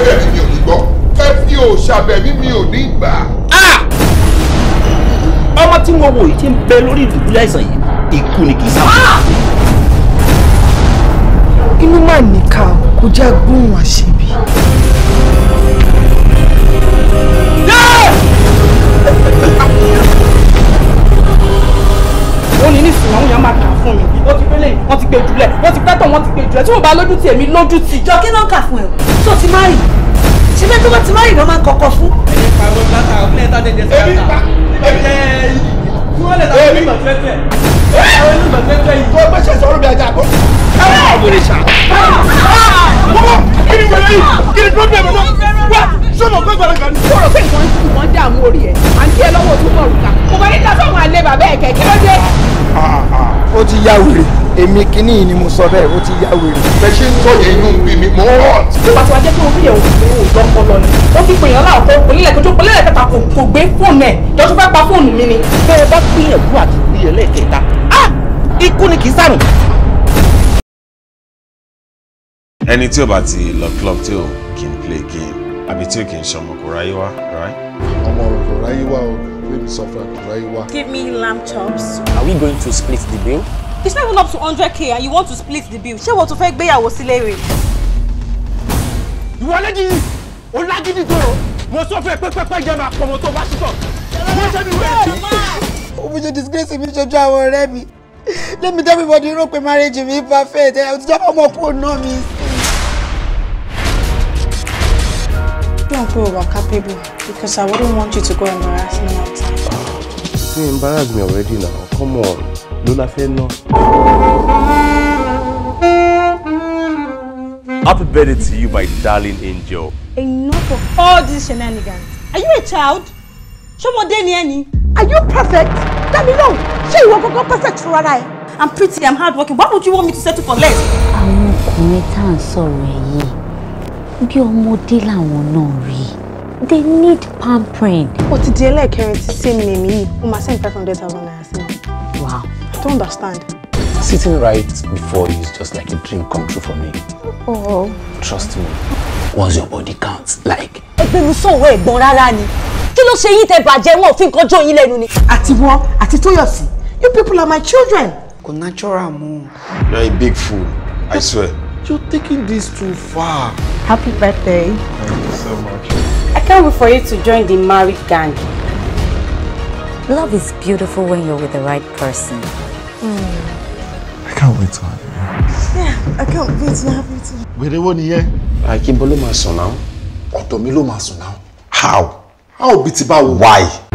bẹ̀bẹ̀ mi mi ò ní gbọ́ ẹ fi òòṣà bẹ̀ mi mi ò ní gbà. ọmọ tí mo wò yìí ti ń bẹ lórí ìdùbúlẹ̀ àìsàn yìí ikú ni kì í sábà. inú mà níkà kò já gbóhùn àṣebí. wọ́n ní nísìnyí àwọn yàrá máa tà fún mi wọ́n ti gbélé wọ́n ti gbé jùlẹ̀ wọ́n ti pẹ́tọ̀ wọ́n ti gbé jùlẹ̀ tí mo bá lójú tì èmi lójú tì. jọ kí ló ń kà fún ẹ tó ti má rì ṣe fẹ́ tó bá ti má rì ló máa ń kọkọ fún. èmi pa ìwọ ìlànà àwọn ilé ẹ̀ta dẹ̀dẹ̀ sí àtà èmi ẹ̀ ẹ̀ kí wọ́n lè ta ẹ̀mí ìgbà tẹ́tẹ́ ẹ̀mí ìgbà tẹ́tẹ́ yìí. tó gbéṣẹ́ sọ̀rọ̀ bí ajá àkọ́. ẹ̀rọ àwòrán ṣá. mọ́mọ́ kí ni wọ́n yìí kí ni problem mọ́ wá sọ́nà ọ̀gbẹ́ gbàlagbà ni. wọ́n dààmú orí ẹ̀ àǹtí ẹ̀ lọ́wọ́ òtún mọ̀ọ́rùkà kò bá ní ta fáwọn alẹ́ bàbá ẹ̀ kẹ̀kẹ́ lóde ó ti ya wèrè èmi kínní yìí ni mo sọ bẹ́ẹ̀ ó ti ya wèrè. bẹ́ẹ̀ ṣe ń sọ yẹn inú bí mi mọ́ ọ́. bí jẹ́ pé orí ẹ̀wọ̀n kò ní òótọ́ ọpọlọ ni ó fi pèèyàn láwọn kó polílẹ̀ kó tó polílẹ̀ kẹta kò kò gbé fóònù ẹ̀ lọ́sùn fẹ́ pa fóònù mi ni. bẹ́ẹ̀ bá gbìyànjú àti ìyẹ̀lẹ̀ kẹta ah! ikú ni kì í sàrùn ẹni tí o bá ti lọ club tí o kì í play game àbí tí o kì í ṣọmọ kò ráyé right. ọmọ kò suffer Raiwa. Give me lamb chops. Are we going to split the bill? It's not even up to 100k and you want to split the bill. Ṣé wọ́n tún fẹ́ gbéyàwó sílé rẹ̀? Ìwọ lẹ́jì ò lágídí tó o. Mo sọ fún ẹ pé pẹ́pẹ́ jẹ́ máa pọ̀mọ́ tó bá ṣùtọ̀. Mo ṣe mi wẹ̀. Omi ṣe disgrace mi ṣojú àwọn ọ̀rẹ́ mi. Let me tell me what you know pé marriage mi perfect. Ẹ ti jábọ̀ ọmọ kúrò náà mi. Don't go over capable because I wouldn't want you to go embarrass me outside you embarrass me already now come on ló la fẹ́ ná. happy birthday to you my darling angel. enough of all these shenanigans are you a child Show more ni any. are you perfect dami lóhùn ṣé ìwọ gbogbo perfect fúnra rẹ. i'm pretty i'm hardworking why would you want me to settle for less. I'm not tá à ń sọ̀rọ̀ ẹ̀ yìí bí ọmọdé làwọn they need pampering. ó ti di ẹlẹ́ẹ̀kẹrin tí same name yìí must send five hundred thousand naira wow i don't understand. sitting right before you is just like a dream come true for me. oh. trust me once your body counts like. ẹgbẹ́ mi sọ̀rọ̀ ẹ̀gbọ́n rárá ni kí ló ṣe yín tẹ bàjẹ́ wọn ò fi nǹkan jó yín lẹ́nu ni. àtiwọ́ àti you people are my children. kò natural mu. you a big fool i swear. you're taking this too far. happy birthday. thank you so much. Can't wait for you to join the married gang. Love is beautiful when you're with the right person. Mm. I can't wait to have you. Yeah, I can't wait to have you too. Wèrè wo nìyẹn? Àìkí bọ́ ló máa sùn náà. Ọ̀dọ̀ mi ló máa sùn How? How bí ti why?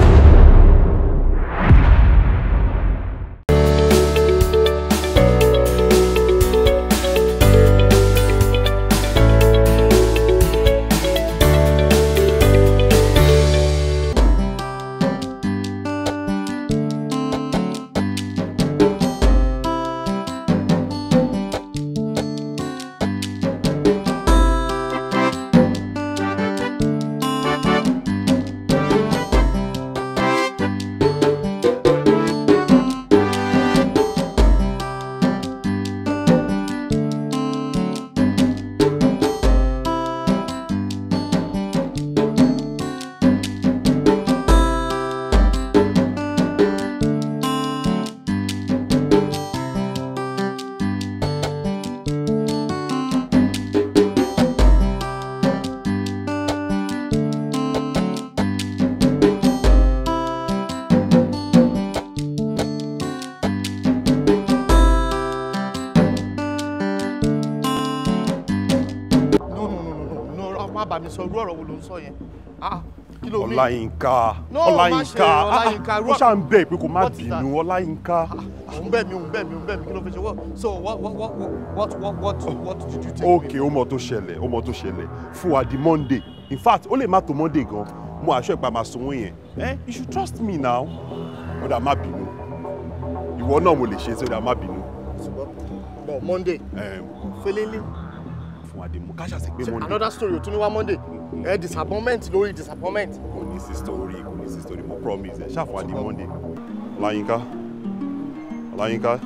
sọ irú ọ̀rọ̀ wo ló ń sọ yẹn ah, ọláyínká ọláyínká ah, ó ṣà ń bẹ̀ pé má bínú ọláyínká. Ah, òun bẹ̀ mí òun bẹ̀ mí òun bẹ̀ mí kí ló fi ṣe so what what what what did you take. ok ó mọ tó ṣẹlẹ̀ ó mọ tó ṣẹlẹ̀ fún wa di monday in fact ó lè má tó monday gan mo àṣọ ìpamọ́ sanwó yẹn eh, you should trust me now ọ̀dà má bínú ìwọ náà mo lè ṣe é sí ọ̀dà má bínú. monday eh. fẹlẹ́lẹ́ fún wa dé mú káṣà sí pé monday. another story o tún ní monday ẹ disappointment lórí disappointment. kò ní sí story kò ní sí story mo promise ẹ ṣáà fún wa dé monday. ọláyínká ọláyínká.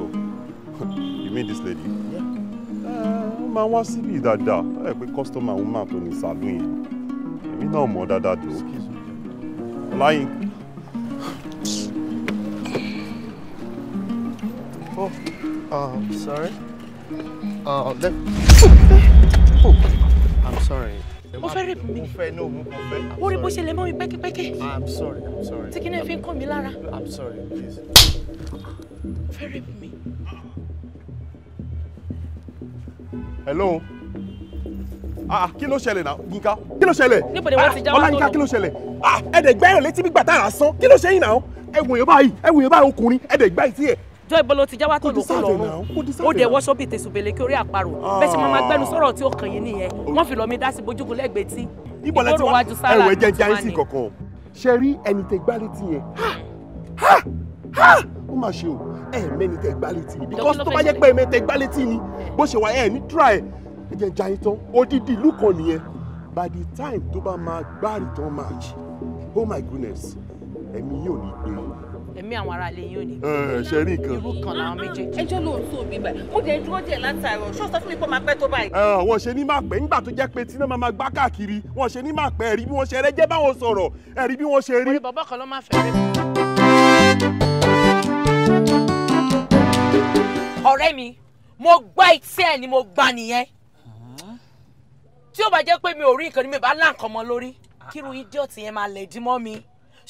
Oh, you mean this lady. Eh, ó máa wá síbi dáadáa ẹ pé customer woman tó ní sàlùn yẹn èmi náà mọ̀ dáadáa tó. ọláyínká. Oh, um, sorry. Uh, let... oh, oh I'm sorry. Mo fẹ́ rape mi. Mo fẹ́ no mo fẹ́. Orí bó ṣe lè mọ́ mi pẹ́kípẹ́kí. I'm sorry I'm sorry. Tí kìnìún fi ń kàn mí lára. I'm sorry please. Mo fẹ́ rape mi. Hello. Ah, kí ló ṣẹlẹ̀ náà Yinka? Kí ló ṣẹlẹ̀? Níbo ni wọ́n ti já wá ah, tó lọ? Ọlá Yinka kí ló ṣẹlẹ̀? Ah, ẹ̀dẹ̀ gbẹ́rẹ̀ létí gbígbà tá a rà sán. Kí ló ṣe yín náà? Ẹ wòye báyìí, ẹ wòye báyìí ọkùnrin, ẹ̀dẹ̀ gbá ẹ̀ jọ ibo ló ti já wá tó lòkó lọ́rùn ó dẹ̀ wọ́ṣọ́ bíi tèṣùbẹ̀lẹ̀ kí orí àparò ah. bẹ́ẹ̀ sì máa gbẹnu sọ̀rọ̀ tí ó kàn yín nìyẹn wọ́n fi lọ́ọ́ mi dá sí bójúkú lẹ́gbẹ̀ẹ́ tí ìgbòrò wájú sára ẹ̀wẹ̀ jẹ́ jáìsì kankan ṣe rí ẹni tẹ gbá létí yẹn ó mà ṣe o ẹ mẹ́ni tẹ gbá létí ni because tó bá jẹ́ pé ẹ mẹ́ni tẹ gbá létí ni bó ṣe wà ẹ ní try ẹ jẹ́ jáì tán odidi ìlú kan nìyẹn by the time tó bá máa gbá return match oh my goodness ẹ̀mí yóò ní gbé ẹ̀mí àwọn aráalé yín ò ní. Eh, ṣe rí nǹkan. irú kan làwọn méjèèjì. ẹjọ́ ló mi bẹ̀ ó dé dúró díẹ̀ látàárọ̀ ṣó sọ fún mi pé máa pẹ́ tó báyìí. Ah, wọ́n ṣe ní máa pẹ́ nígbà tó jẹ́ pé tí náà máa gbá káàkiri wọ́n ṣe ní máa pẹ́ ẹ̀rí bí wọ́n ṣe rẹ́ jẹ́ báwọn sọ̀rọ̀ ẹ̀rí bí wọ́n ṣe rí. orí bàbá kan ló máa fẹ́ ọ̀rẹ́ mi mo gbá etí ni mo gbá nìyẹn tí ó bá jẹ́ ni mi bá lá nǹkan mọ́ idiot yẹn máa lẹ̀ dí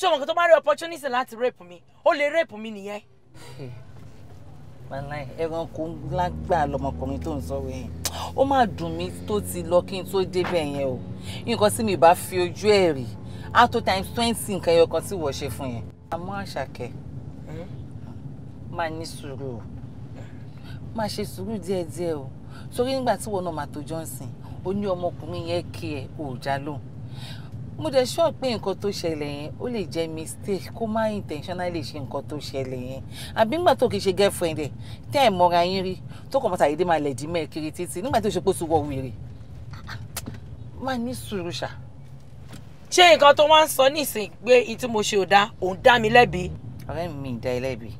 ṣé ọmọ kan tó bá rí opportunity láti rape mi ó lè rape mi nìyẹn. wàláì ẹran kò lágbà lọmọkùnrin tó ń sọ wẹ̀yìn ó máa dùn mí tó ti lọ kí n tó débẹ̀ yẹn o nǹkan tí mi bá fi ojú ẹ̀ rí ato times twenty nǹkan ẹyọ kan tí wọ́n ṣe fún yẹn. àmọ́ àṣàkẹ́ hmm? máa ní sùúrù o máa ṣe sùúrù díẹ̀díẹ̀ o sórí nígbà tí wọn náà máa tó johnson ó ní ọmọkùnrin yẹn kí ẹ òòjà lóhùn mo dẹ̀ sọ pé nǹkan tó ṣẹlẹ̀ yẹn ó lè jẹ́ mistake kó má intentionally ṣe nǹkan tó ṣẹlẹ̀ yẹn àbí nígbà tó kìí ṣe girlfriend ẹ̀ tẹ́ ẹ̀ mọ́ra yín rí tó kàn mọ́ta yìí dé máa lẹ̀ dí mẹ́ẹ̀ kiri títí nígbà tó ṣe pé ó ti wọ wèrè má ní sùúrù ṣá. ṣé nǹkan tó wá ń sọ nísìnyí pé ìtí mo ṣe ò dá òun dá mi lẹ́bi. ọ̀rẹ́ mi ì dá ẹ lẹ́bi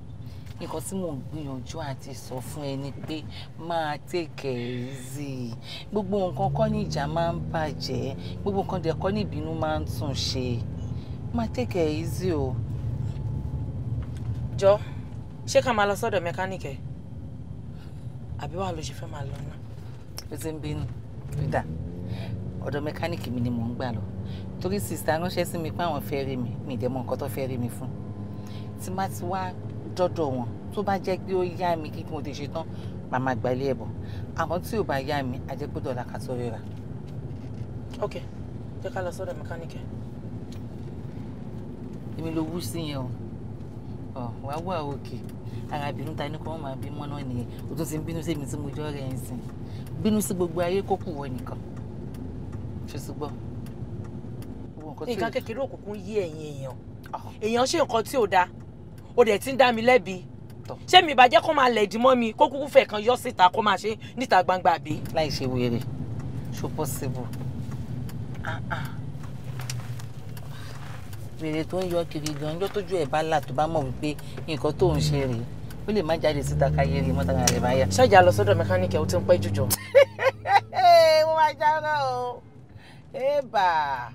nǹkan tí mò ń gbìyànjú àti sọ fún ẹ ni pé máa tèkẹ̀ easy gbogbo nǹkan kọ́ ní ìjà máa ń bàjẹ́ gbogbo nǹkan dẹ̀ kọ́ ní ìbínú máa ń tún ṣe máa tèkẹ̀ easy o. jọ ṣé ká máa lọ sọ́dọ̀ mẹkáníkì ẹ̀ àbí wàá ló ṣe fẹ́ máa lọ náà. ó ti ń bínú rita ọ̀dọ̀ mẹkáníìkì mi ni mò ń gbà lọ torí sista ránṣẹ́ sí mi pé àwọn fẹ́ rí mi mi dẹ̀ tí má ti wá dọ́dọ̀ wọn tó bá jẹ́ pé ó yá mi kí mo lè ṣe tán màá máa gba ilé ẹ̀ bọ̀ àmọ́ tí ò bá yá mi a jẹ́ pé dọ̀là ká tó ríra. ok jẹ́ ká lọ sọ́dọ̀ mẹkáníkì. èmi ló wú sí yẹn o wà á wà òkè ara ìbínú ta ní kó wọn máa bí mọ́ náà nìyẹn o tún ti ń bínú sí èmi tí mo jọ rẹ̀ ń sìn bínú sí gbogbo ayé kó kù wọ nìkan ṣe sí gbọ́. nǹkan kékeré òkùnkùn yí ẹ̀yìn èèyàn ah. èèyàn ṣe nǹkan tí ò dáa o dẹ̀ ti ń dá mi lẹ́bi ṣé mi ìbàjẹ́ kó máa lẹ̀dí mọ́ mi kó kúkú fẹ̀ kan yọ síta kó máa ṣe níta gbangba àbí. láì ṣe wèrè so possible ah, ah. wèrè tó ń yọ kiri gan ọjọ́ tójú ẹ̀ bá là tó bá mọ̀ wípé nǹkan tó ń ṣe rèé ó lè má jáde síta káyé rèé mọ́tà náà rẹ̀ bá yà. ṣáàjà lọ sọ́dọ̀ mẹkáníìkì ẹ̀ ó ti ń pẹ́ jùjọ. mo máa jáná o. ẹ bàa.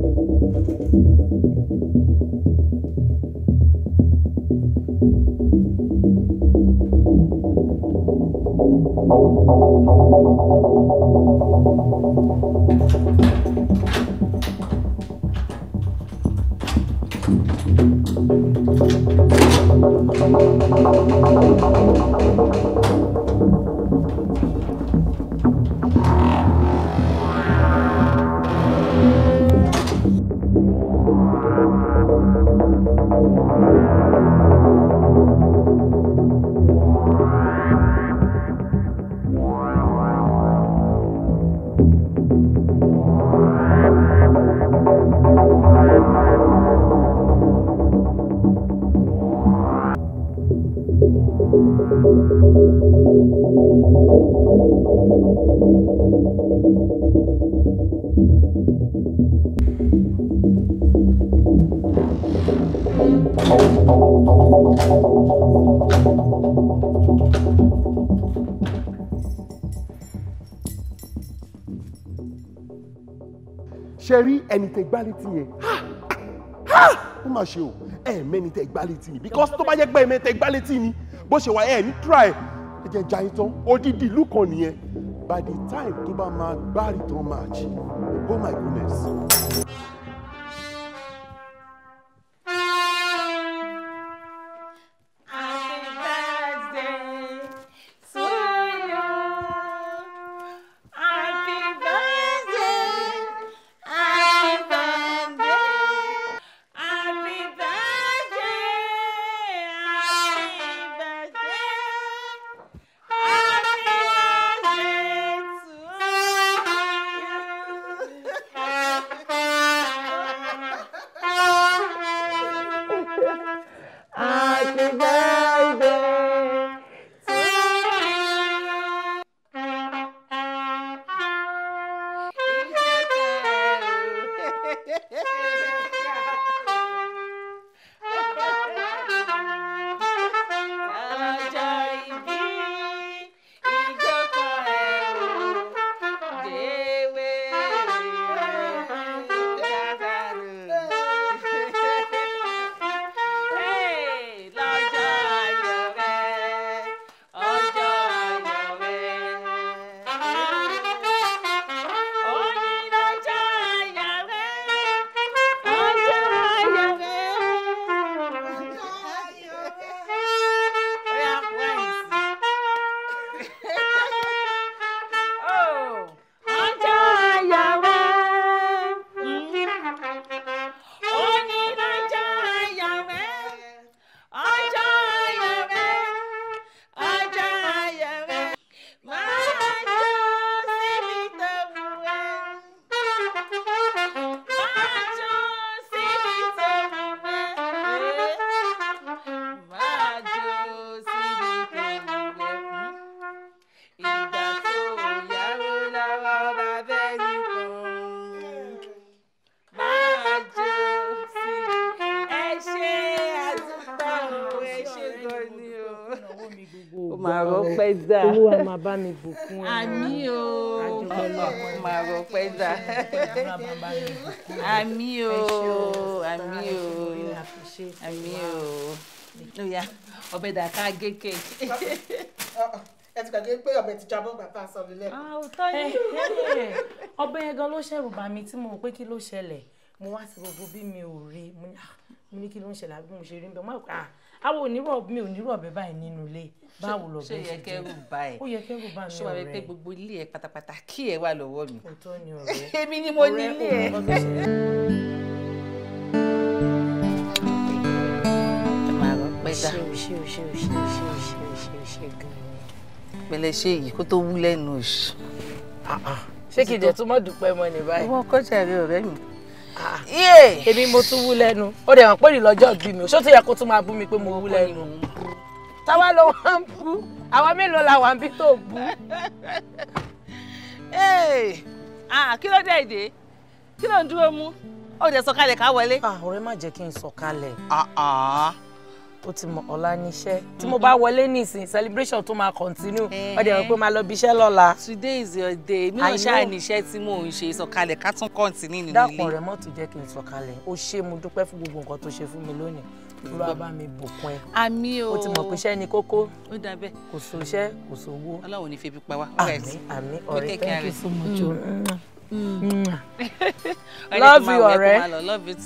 ẹni tẹ gbálẹ̀ tì yẹn ó mà ṣe o ẹ mẹ́ni tẹ gbálẹ̀ tì ni because tó bá jẹ́ pé ẹ mẹ́ni tẹ gbálẹ̀ tì ni bó ṣe wà ẹ ní try ẹ jẹ́ ja yín tán odidi ìlú kan nìyẹn by the time tó bá máa gbárí tán máa jí oh my goodness. dà. olúwa máa bá mi bùkún ẹ. àmín o máa rọ pẹ́ dà. àmín o àmín o àmín o lóya ọbẹ̀ dà ká gé kéèkì ẹ ti gbàgbé pé ọbẹ̀ ti jábọ́ bàtà sọ̀rọ̀ lẹ́kọ̀ọ́. àwọn òótọ́ yìí ọbẹ̀ yẹn gan ló ṣẹ̀rù bà mí tí mo pé kí ló ṣẹlẹ̀ mo wá sí gbogbo bí mi ò rí ah, mo ní kí ló ń ṣẹlẹ̀ àbí mo ṣe rí bẹ́ẹ̀ mo rò pé ah, àwọn onírọ̀ mi ò nírọ̀ bẹ́ẹ̀ báyìí nínú ilé báwo lọ bẹ́ẹ̀ ṣe jẹ́ kẹ́rù báyìí ó yẹ kẹ́rù bá mi ọ̀rẹ́ ṣé wàá bẹ pé gbogbo ilé ẹ pátápátá kí ẹ wà lọ́wọ́ mi òótọ́ ni ọ̀rẹ́ èmi ni mo ní ilé ẹ. pẹ̀lẹ́ ṣe èyí kó tó wú lẹ́nu oṣù. Ah, ah. ṣé kìdẹ̀ tó má dúpẹ́ mọ́ ni báyìí. wọ́n kọjá rí ọ̀rẹ́ mi yé èmi mo tún wú lẹ́nu ó dẹ̀ wọ́n pé ìlọ́jọ́ bí mi ṣó tó yẹ kó tún máa bú mi pé mo wú lẹ́nu táwa ló wá ń bú àwa mélòó la wà ń bí tó bú. kí ló dé èdè kí ló ń dúró mú ó dẹ̀ sọ̀kalẹ̀ ká wọlé. ọ̀rẹ́ má jẹ́ kí n sọ̀kalẹ̀. Ah, ah ó ti mọ ọ̀la níṣẹ́ tí mo mhm. bá wọlé nísìn celebration tó máa continue ọdẹ rẹ pé máa lọ bíṣẹ́ lọ́la. today is your day mi ò ṣáà níṣẹ́ tí mò ń ṣe ìsọ̀kalẹ̀ ká tún continue nínú ilé. dákun rẹ mọ́tò jẹ́ kí n sọ̀kalẹ̀ ó ṣé mo dúpẹ́ fún gbogbo nǹkan tó ṣe fún mi lónìí olúwa bá mi bùkún ẹ. àmì o. o ti mọ̀ pé iṣẹ́ ni kókó. kò sówó iṣẹ́ kò sówó. ọlọ́run ò ní fi pa wá. àmín àmín ọ̀rẹ́ thank you so much. Mm. love you ọ̀rẹ́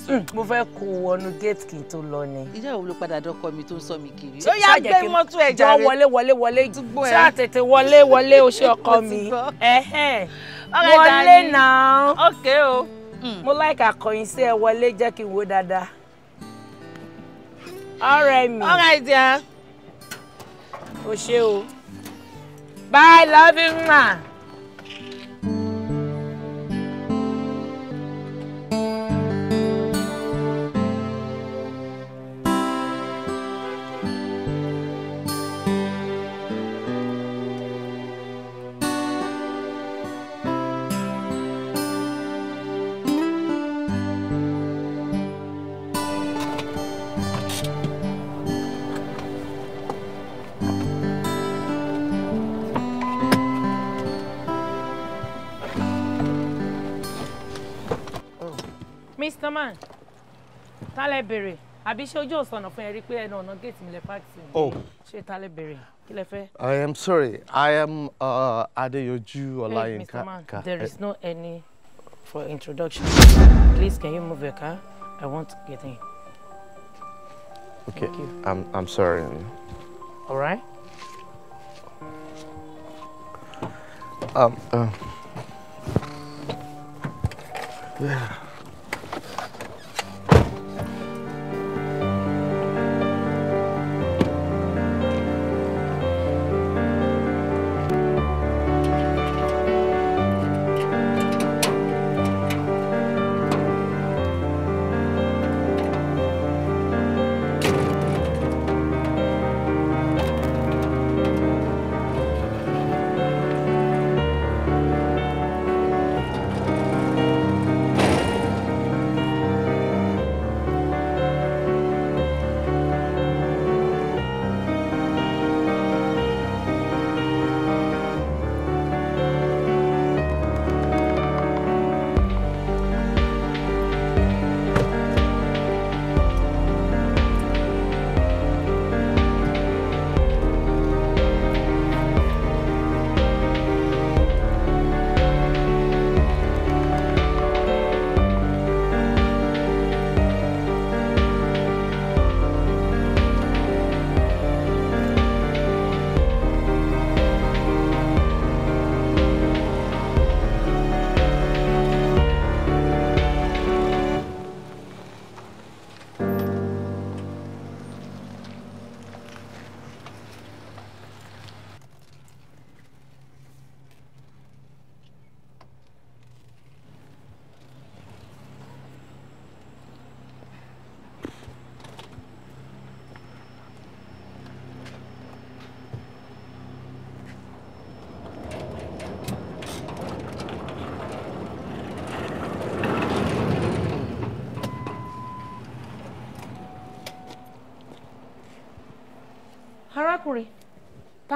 mm, mo fẹ́ kó wọnú gate kí n tó lọ ni. ìjà òun ló padà dọ́kọ mi tó ń sọ mi kiri. ó yá gbé mọ́tò ẹ̀ jàre jọ wọlé wọlé wọlé ṣáà tètè wọlé wọlé o ṣe ọkọ mi wọlé náà mm. mo like àkọyìn sí ẹ wọlé jẹ́ kí n wo dáadáa. ọ̀rẹ́ mi ọ̀rẹ́ ìdíyà. o ṣé o bye love you ma. Mr. Man tálẹ̀ I àbí ṣé ojú òsànà fún ẹ rí pé ẹnu ọ̀nà géètì mi lè pààkì mi ṣé tálẹ̀ I am sorry I am uh, Adeyoju Olayinka. Hey, Mr. Man there is eh. no any for introduction please can you move your car I want to get in. Okay Thank you. I'm I'm sorry. All right. Um, uh, yeah.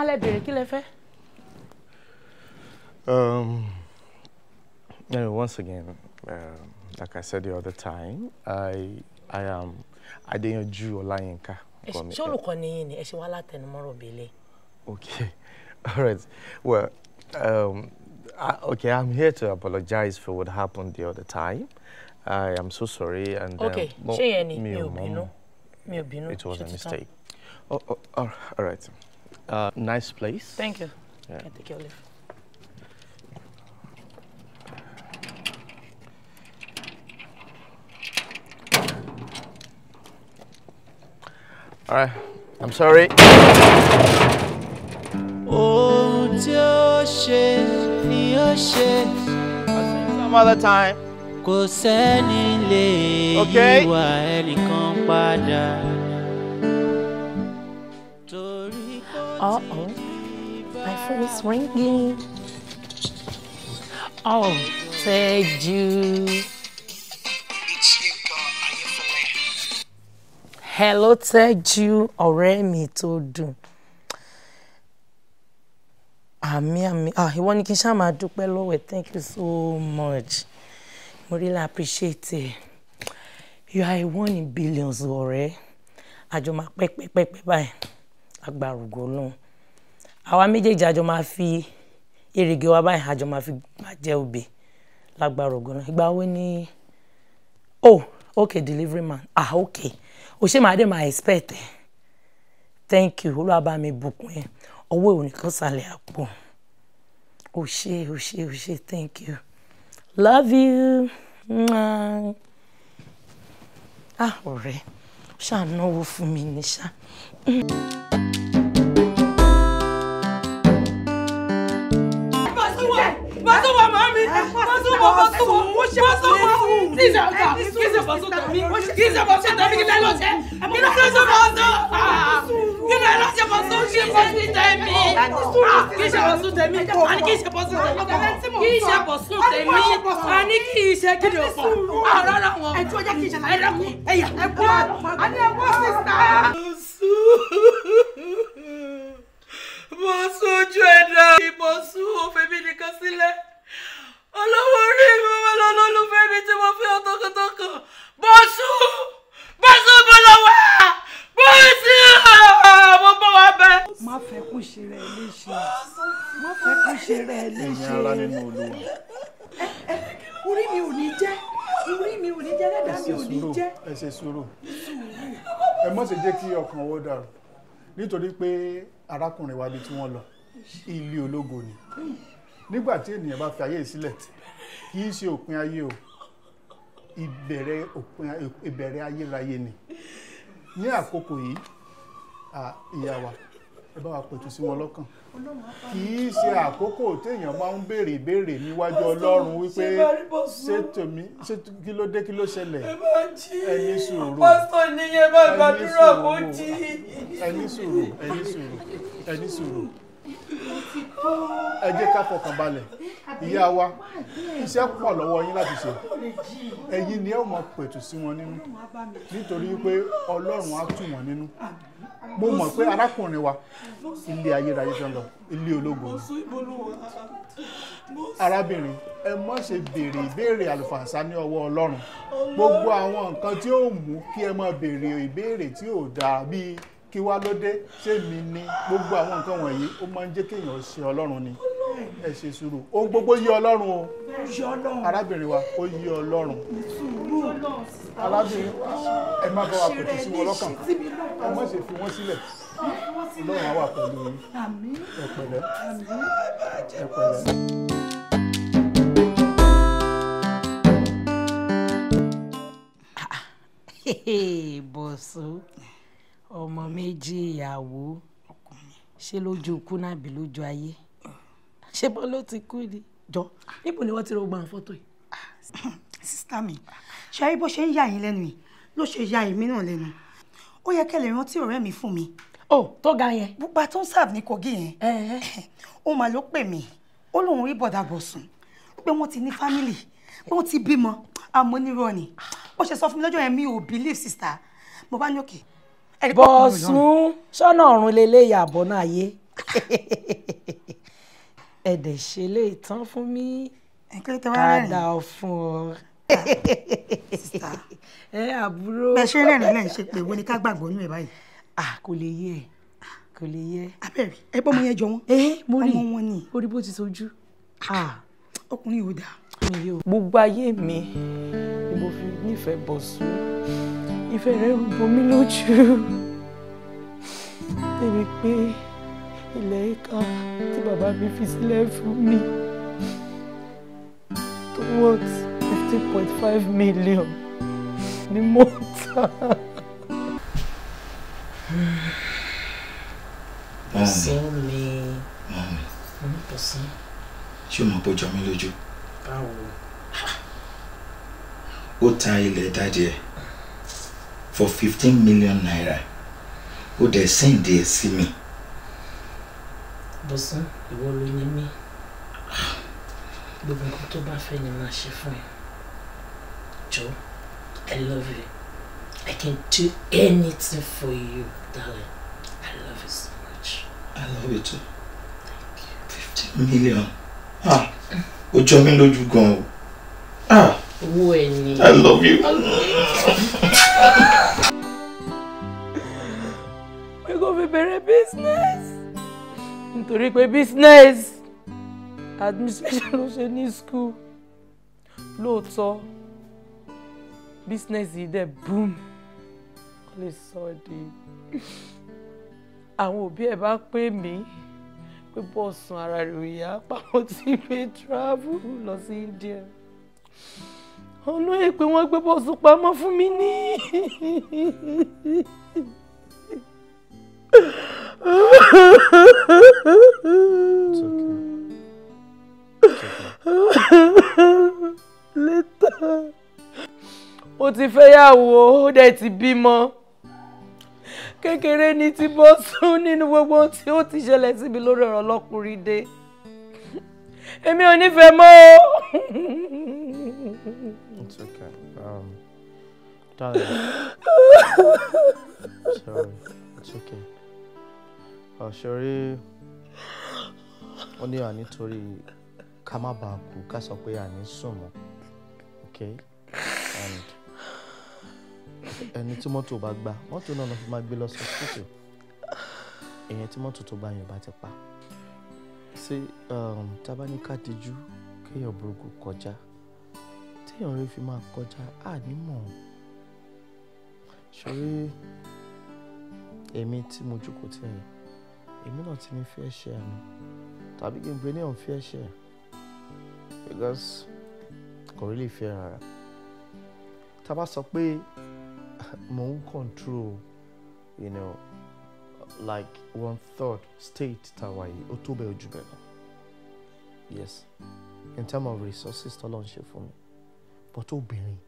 ta bèrè kí lẹ fẹ́. anyway, um, once again, uh, like I said the other time, I, I am Adeyanju Olayinka. Ṣé olùkọ́ ni ni ẹ ṣe wá látẹnumọ́rọ̀ bèlè? Okay, all right. Well, um, I, okay, I'm here to apologize for what happened the other time. I am so sorry and... Um, okay, ṣé yẹn ni mi ò bínú? Mi ò bínú. It was a mistake. Oh, oh, all right. uh, nice place. Thank you. Yeah. Can take your leave. All right, I'm sorry. Some other time. Okay. Uh oh. My phone is ringing. Oh, Teju. Hello, Teju, Already mi tó dùn. Àmì àmì ah ìwọ ni kí n ṣáà máa dúpẹ́ thank you so much. Mo really appreciate it. You are one in billions already. Àjọ máa pẹ́ pẹ́ pẹ́ pẹ́ báyìí agbárùgọ náà àwa méjèèjì àjọ máa fi èrègé wa báyìí àjọ máa fi jẹ obè lágbárùgọ náà ìgbà wo ni oh okay delivery man ah okay o ṣe máa dé máa expect thank you olúwa bá mi bùkún ẹ ọwọ́ ìwòrán kan sàlẹ̀ àpò o ṣe o ṣe o ṣe thank you love you. Ah, ọ̀rẹ́, ṣàánú owó fún mi ní ṣá. bọ́ sọ́wọ́ bọ́ sọ́wọ́ kí ṣe ọ̀gá kí ṣe bọ́ sọ́tọ̀ mi kí ṣe bọ́ sọ́tọ̀ mi kí ṣe lọ jẹ́ kí ló fẹ́ ṣe bọ́ sọ́ kí ló lọ ṣe bọ́ sọ́ ṣe bọ́ sọ́tọ̀ mi kí ṣe bọ́ sọ́tọ̀ mi àní kí ṣe bọ́ sọ́tọ̀ mi kí ṣe bọ́ sọ́tọ̀ mi àní kí ṣe kí ló fọ́ àrọ́ làwọn ẹ̀jú ọjà kí ìṣẹ̀lẹ̀ ẹ̀rọ ẹ̀yà ẹ̀kọ́ àní ẹ̀kọ́ sísá. mo sún ojú ẹ̀dá ìbọn sún òfin mi nìkan sílẹ̀ olówó orí mi wọ́n lọ lólùfẹ́ mi tí mo fi ọ̀tọ̀kọ̀tọ̀kọ̀ bọ́sù bọ́sù mo lọ wá bọ́sù mo bọ́ wá bẹ́. má fẹ́ kú ṣe rẹ̀ léṣe má fẹ́ kú ṣe rẹ̀ léṣe. ẹ̀yin ara nínú olúwa. orí mi ò ní mi ò ní jẹ́ lẹ́dàá mi ò ní jẹ́. ẹ ṣe sùúrù ẹ má ṣe jẹ́ kí ọkàn owó dàrú nítorí pé arákùnrin wa bíi tí wọ́n lọ ilé ológo ni. Hmm nígbà tí ènìyàn bá fi ayé yìí sílẹ̀ kì í ṣe òpin ayé o ìbẹ̀rẹ̀ òpin ìbẹ̀rẹ̀ ayérayé ni ní àkókò yìí ìyá wa ẹ bá wa pẹ̀tù sí wọn lọ́kàn kì í ṣe àkókò téèyàn máa ń béèrè ìbéèrè níwájú ọlọ́run wípé ṣé tèmi ṣé kí ló dé kí ló ṣẹlẹ̀ ẹni sùúrù ẹni sùúrù ẹni sùúrù ẹni sùúrù ẹni sùúrù ẹ jẹ́ ká fọkàn balẹ̀ ìyá wa iṣẹ́ pọ̀ lọ́wọ́ yín láti ṣe ẹ̀yin ni ẹ mọ̀ pẹ̀tù sí wọn nínú nítorí pé ọlọ́run á tù wọ́n nínú mo mọ̀ pé arákùnrin wa ilé ayérayé fẹ́ lọ ilé ológun arábìnrin ẹ má ṣe béèrè ìbéèrè àlùfàǹsá ní ọwọ́ ọlọ́run gbogbo àwọn nǹkan tí ó mú kí ẹ má béèrè ìbéèrè tí ò dáa bíi kí wá ló dé ṣé mi ni gbogbo àwọn nǹkan wọ̀nyí ó máa ń jẹ́ kéèyàn ṣe ọlọ́run ni ẹ ṣe sùúrù ohun gbogbo yí ọlọ́run o arábìnrin wa ó yí ọlọ́run arábìnrin ẹ má bá wa pètè sí wọn lọ́kàn ẹ má ṣe fi wọ́n sílẹ̀ ọlọ́run á wà pẹ̀lú yín ẹ pẹ̀lẹ́ ẹ pẹ̀lẹ́. Bọ̀sùn ọmọ méjì ìyàwó ṣé lójú ikú náà bí lójú ayé ṣé bọ́ ló ti kú ni jọ níbo ni wọ́n ti rọgbọ́n fọ́tò yìí. Ah, sísítà mi ṣe ayé bó ṣe ń yà yín lẹ́nu yìí ló ṣe ya èmi náà lẹ́nu ó yẹ kẹ́ lè rántí ọ̀rẹ́ mi fún mi. ó tó ga yẹn. pupa tó ń serve ní kogi yẹn ó mà ló pè mí ó lóun rí bọ̀dà bọ̀ sùn pé wọ́n ti ní fámìlì pé wọ́n ti bímọ àmọ́ nírọ̀ ni ó ṣe sọ fún mi lọ́jọ́ yẹn mi ò believe sister mo bá ní òkè. Okay bọ̀sùn sọ́nà ọ̀run lélẹ́yà àbọ̀ náà yé ẹ̀dẹ̀ ṣe lè tán fún mi kàdà ọ̀fun ọ̀ ẹ àbúrò. bẹ́ẹ̀ ṣe rẹ̀ nílẹ̀ ṣe pé wo ni ká gbàgbọ́ nínú ẹ̀ báyìí. à kò lè yé ẹ kò lè yé. abẹ́rẹ́ ẹ bọ́ ọmọ yẹn jọ wọn. ẹ eh, mo rí ọmọ wọn ni. orí bó ti sojú. ọkùnrin yóò dáa. gbogbo ayé mi ni mo fi nífẹ̀ẹ́ bọ̀sùn ìfẹ́ rẹ̀ ń bomi lójú débi pé ilẹ̀ ìka tí bàbá mi fi sílẹ̀ fún mi tó worth fifteen million ni mo ta. Bọ́sẹ̀ mi. Bọ́sẹ̀. Ṣé o mọ̀ pé ó jọ mí lójú? Báwo? Ó ta ilẹ̀ dáadé for fifteen million naira ó dẹ̀ sẹ́ǹdì ẹ̀ sí mi. bọ́sán ìwọ ló ní mí gbogbo nǹkan tó bá fẹ́ ni màá ṣe fún ẹ jọ̀ọ́ i love you i can do anything for you darling i love you so much. i love you too fifteen million ah ó jọ lójú gan o ah owó ẹ ni i love you. I love you. bẹ̀rẹ̀ business nítorí pé business administration ló ṣe ní school lóòótọ́ business yìí dẹ̀ boom kò lè sọ ọ́ di àwọn òbí ẹ̀ bá pè mí pé bọ́ọ̀sùn ara rẹ̀ ò yá pàwọn tí gbé travel lọ sí India ọ̀nà èpè wọ́n gbé bọ́ọ̀sùn pamọ́ fún mi ní. It's okay. It's okay. Later. Ó ti fẹ́yàwó, ó dẹ̀ ti bímọ. Kékeré ni ti bọ́ sún nínú gbogbo ohun tí ó ti ṣẹlẹ̀ síbi lórí ọ̀rọ̀ ọlọ́kùnrin dé. Èmi ò nífẹ̀ẹ́ mọ́ o. It's okay. Um, darling. Sorry. It's okay ọ̀ṣọ́rí ó ní àní torí ká má bàa kú ká sọ pé àní sùn mọ́ okay and ẹni tí mọ́tò bá gbá mọ́tò náà ló fi máa gbé lọ sí hospital èèyàn tí mọ́tò tó gbá yẹn bá ti pa ṣé um, tábánikà tijú kéèyàn burúkú kọjá téèyàn rẹ fi máa kọjá ànímọ̀ ṣorí èmi tí mo jókòó tẹ̀yìn èmi náà ti ní fair share mi tàbí kí n pè ní unfair share because kò really lè fẹ́ rárá tá a bá sọ pé mò ń control you know like one third state tàwa yìí ó tó bẹ́ẹ̀ ojú bẹ́ẹ̀ lọ yes in terms of resources tọ́lọ́ ń ṣe fún mi but obìnrin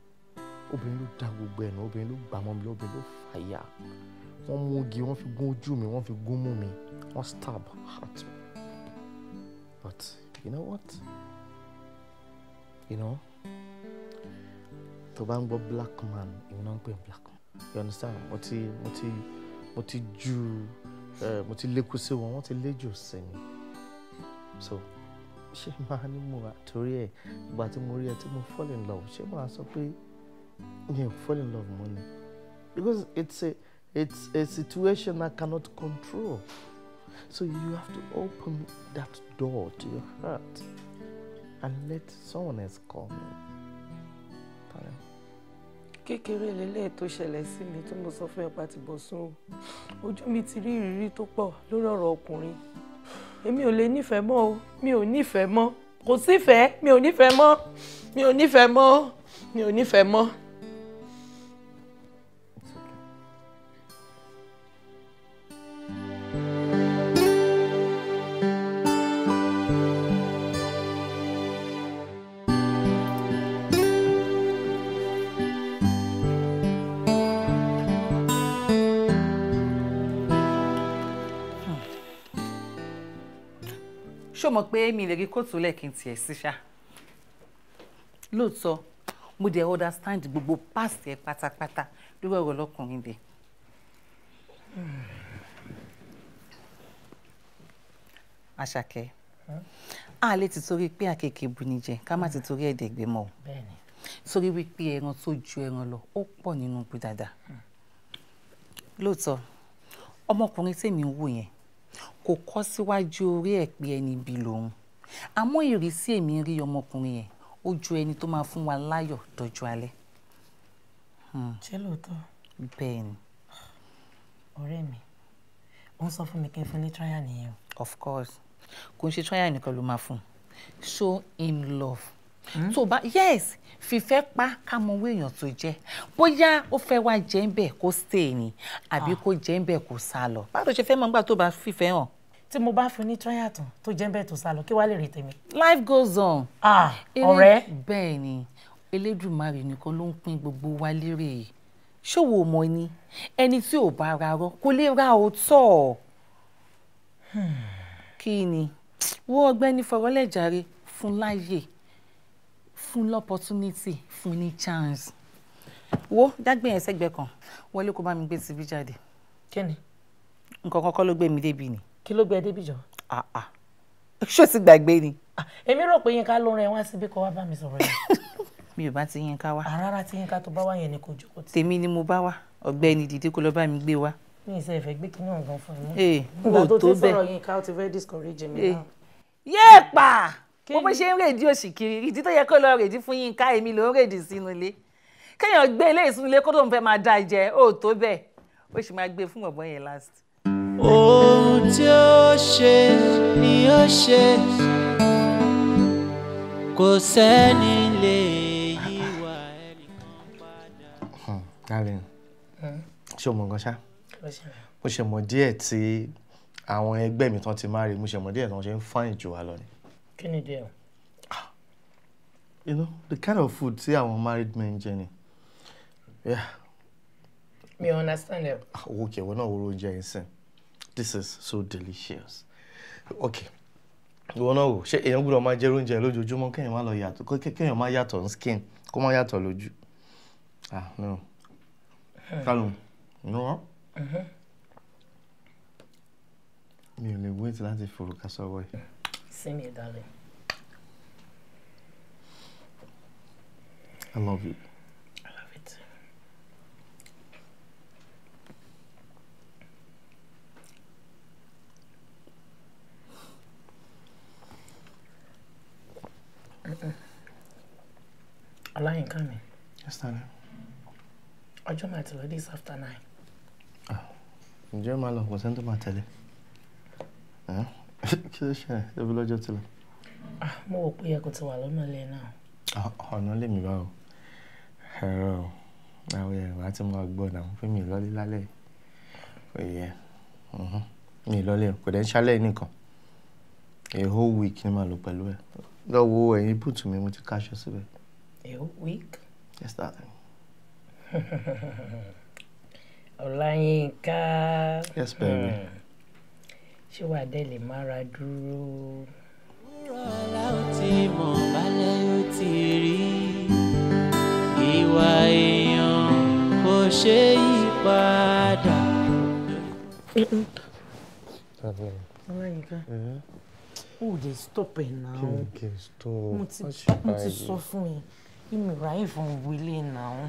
obìnrin ló dá gbogbo ẹ̀ nù obìnrin ló gbàmọ́ mi obìnrin ló fàyà wọ́n mú ogi wọ́n fi gún ojú mi wọ́n fi gún mú mi wọ́n stab heart mi but you know what you know tó bá ń gbọ́ black man èmi náà ń pè black man you understand mo ti mo ti mo ti ju eh, mo ti lékún sí wọn wọ́n ti léjò sí mi so ṣé máa ní mo àtòrí ẹ̀ ìgbà tí mo rí ẹ tí mo fall in love ṣé máa sọ pé mi ò fall in love mọ́ ni because it's a. It's a situation I cannot control. So you have to open that door to your heart and let someone else come in. kékeré lélẹ́ẹ̀ tó ṣẹlẹ̀ sí mi tí mo sọ fún ẹ ti bọ̀ sún ojú mi ti rí ìrírí tó pọ̀ lórí ọ̀rọ̀ ọkùnrin èmi ò lè nífẹ̀ẹ́ mọ́ o mi ò nífẹ̀ẹ́ mọ́ kò sífẹ̀ẹ́ mi ò nífẹ̀ẹ́ mọ́ mi ò nífẹ̀ẹ́ mọ́ mi ò nífẹ̀ẹ́ mọ́. mọ̀ pé mi lè rí kóòtù lẹ́ẹ̀kí tiẹ̀ síṣá lóòótọ́ mo dẹ̀ understand gbogbo past ẹ̀ pátápátá lórí ọ̀rọ̀ lọ́kùnrin dẹ̀. àṣàkẹ́ a ti torí pé àkekèé bunijẹ ká má ti torí ẹ̀dẹ̀ gbé mọ́ o torí wípé ẹran tó ju ẹran lọ ó pọ̀ nínú gbé hmm. lóòótọ́ ọmọkùnrin tèmi wò yẹn kò kọ́ síwájú orí ẹ̀ pé ẹni ibi lòun àmọ́ ìrísí èmi rí ọmọkùnrin yẹn ó ju ẹni tó máa fún wa láyọ̀ dọ́jú alẹ́. Hmm. ṣé lóòótọ́. bẹ́ẹ̀ ni. ọ̀rẹ́ mi ó ń sọ fún mi kí n fún ní trial nìyẹn. of course kò ń ṣe trial nìkan ló máa fún show him love Hmm? tó bá yes fìfẹ́ pa ká mọ owó èèyàn tó jẹ́ bóyá ó fẹ́ wá jẹ́ ń bẹ̀ kó stay ni àbí ah. kó jẹ́ ń bẹ̀ kó sá lọ báwo ṣe fẹ́ mọ̀ nígbà tó bá fìfẹ́ hàn tí mo bá fún ní trial tán tó jẹ́ bẹ́ẹ̀ tó sá lọ kí wàá lè rí tèmi. life goes on. ah ọ̀rẹ́. bẹ́ẹ̀ ni elédùnmarè nìkan ló ń pín gbogbo wa lérè ṣòwò ọmọ ni ẹni tí ò bá ra rọ kò lè ra òótọ́. Hmm. kí ni wo ọ̀gbẹ́ni fọ̀rọ̀lẹ́jàre fún láàyè fún l'opportunity fún ní chance wo dágbé yẹn sẹ́gbẹ́ kan wọlé kó bá mi gbé síbí jáde. kí ni. nǹkan kọ́kọ́ ló gbé mi débi ni. kí ló gbé ẹ débi jọ. ah ah ṣó ti gbàgbé ni. Ah, èmi rò pé Yínká ló rẹ wá síbí kó wá bá mi sọ̀rọ̀ yẹn. mi ò bá ti Yínká wá. àràrà ah, tí Yínká tó bá wá yẹn ni kò jókòó tì. tèmi ni mo bá wá ọ̀gbẹ́ni dìde kó lọ bá mi gbé wá. mi ìṣe ìfẹ́ gbé kíní ọ̀gán fún mi. ee n kò tó bẹ́ẹ̀ nígbà tó ti sọ̀rọ̀ Yínká ó ti fẹ́ discourage mi eh. náà. yéèpà bó bó ṣe ń rèdí òṣì kiri ìdí tó yẹ kó lọ rèdí fún Yínká èmi ló ń rèdí sínú ilé kéèyàn gbé ilé ìsúnú ilé kó tó ń fẹ́ máa da ìjẹ ó tó bẹ́ẹ̀ ó sì máa gbé fún ọ̀gbọ́n yẹn last. ohun tí ó ṣe ni ó ṣe kò sẹ́ni lè yíwà ẹnìkan padà. Hmm, darlin hmm. ṣé o mọ̀ nǹkan ṣá mo ṣe mọ̀ díẹ̀ tí àwọn ẹgbẹ́ mi tán ti máa rí mo ṣe mọ̀ díẹ̀ tán ṣe ń fáyìn jù wá lọ ni kí ni dé o. Ah, you know the kind of food say àwọn married men Jenny. Yeah. Me ò understand ẹ. Ah, okay, kẹwọ náà wúro oúnjẹ yẹn sìn this is so delicious okay ìwọ náà wò ṣé èèyàn gbọ́dọ̀ máa jẹ oúnjẹ lójoojúmọ́ kéèyàn má lọ yàtọ̀ kéèyàn má yàtọ̀ skin kó má yàtọ̀ lójú ah no kálù no. wọn mi ò lè wait láti forúkásọ wọ yìí. See me, darling. I love you. I love it. Mm -mm. Allah ain't coming. Yes, darling. Nana. Ọjọ́ my tẹ̀lé this after nine. Ah. Ǹjẹ́ màá lọ kò sẹ́ni tó máa Huh? kí ló ṣe ẹbí lọ́jọ́ ti lọ. Ah, mo wò pé ẹkùn ti wà lọ́nà ilé náà. ọ̀nà lèmi bá o ẹ̀rọ àwọn ẹ̀rọ àti mo gbọ́ náà fún mi lọ́lé lálẹ́ òye mi lọ́lé kò dẹ́ ń ṣálẹ̀ nìkan a whole week ni màá lò pẹ̀lú ẹ̀ lọ́wọ́ ẹ̀yìn bùtù mi mo ti káṣọ síbẹ̀. a whole week. yes that. Ọláyínká. yes baby. Hmm ṣé wàá dẹ́ lè mára dúró. ọ̀la ò tí mọ̀ balẹ̀ ò tí rí ìwà èèyàn kò ṣe yí padà. Mm-hmm. ó lè stop ẹ̀ náà mo ti mo ti sọ fún ẹ ìmọ̀ ráyè fún wílé náà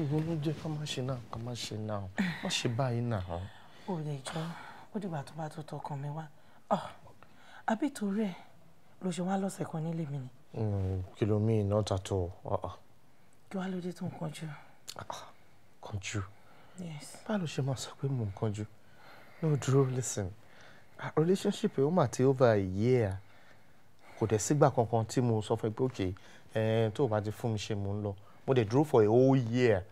ìwọ ló jẹ ká má ṣe náà ká má ṣe náà má ṣe báyìí náà. ó lè jọ ó dìgbà tó bá tó tọkàn mi wá ah, àbí torí ẹ ló ṣe wá lọ́sẹ̀ kan nílé mi ni. Hmm, kí ló mean not at all. Ah, ah. kí wàá lóde tó ń kánjú. kánjú. báwo ló ṣe máa sọ pé mò ń kánjú no dúró listen our relationship ó mà ti over a year kò dẹ̀ sígbà kankan tí mo sọ fún ẹ pé òkè eh, tó o bá ti fún mi ṣe mò ń lọ mo dẹ̀ dúró for a whole year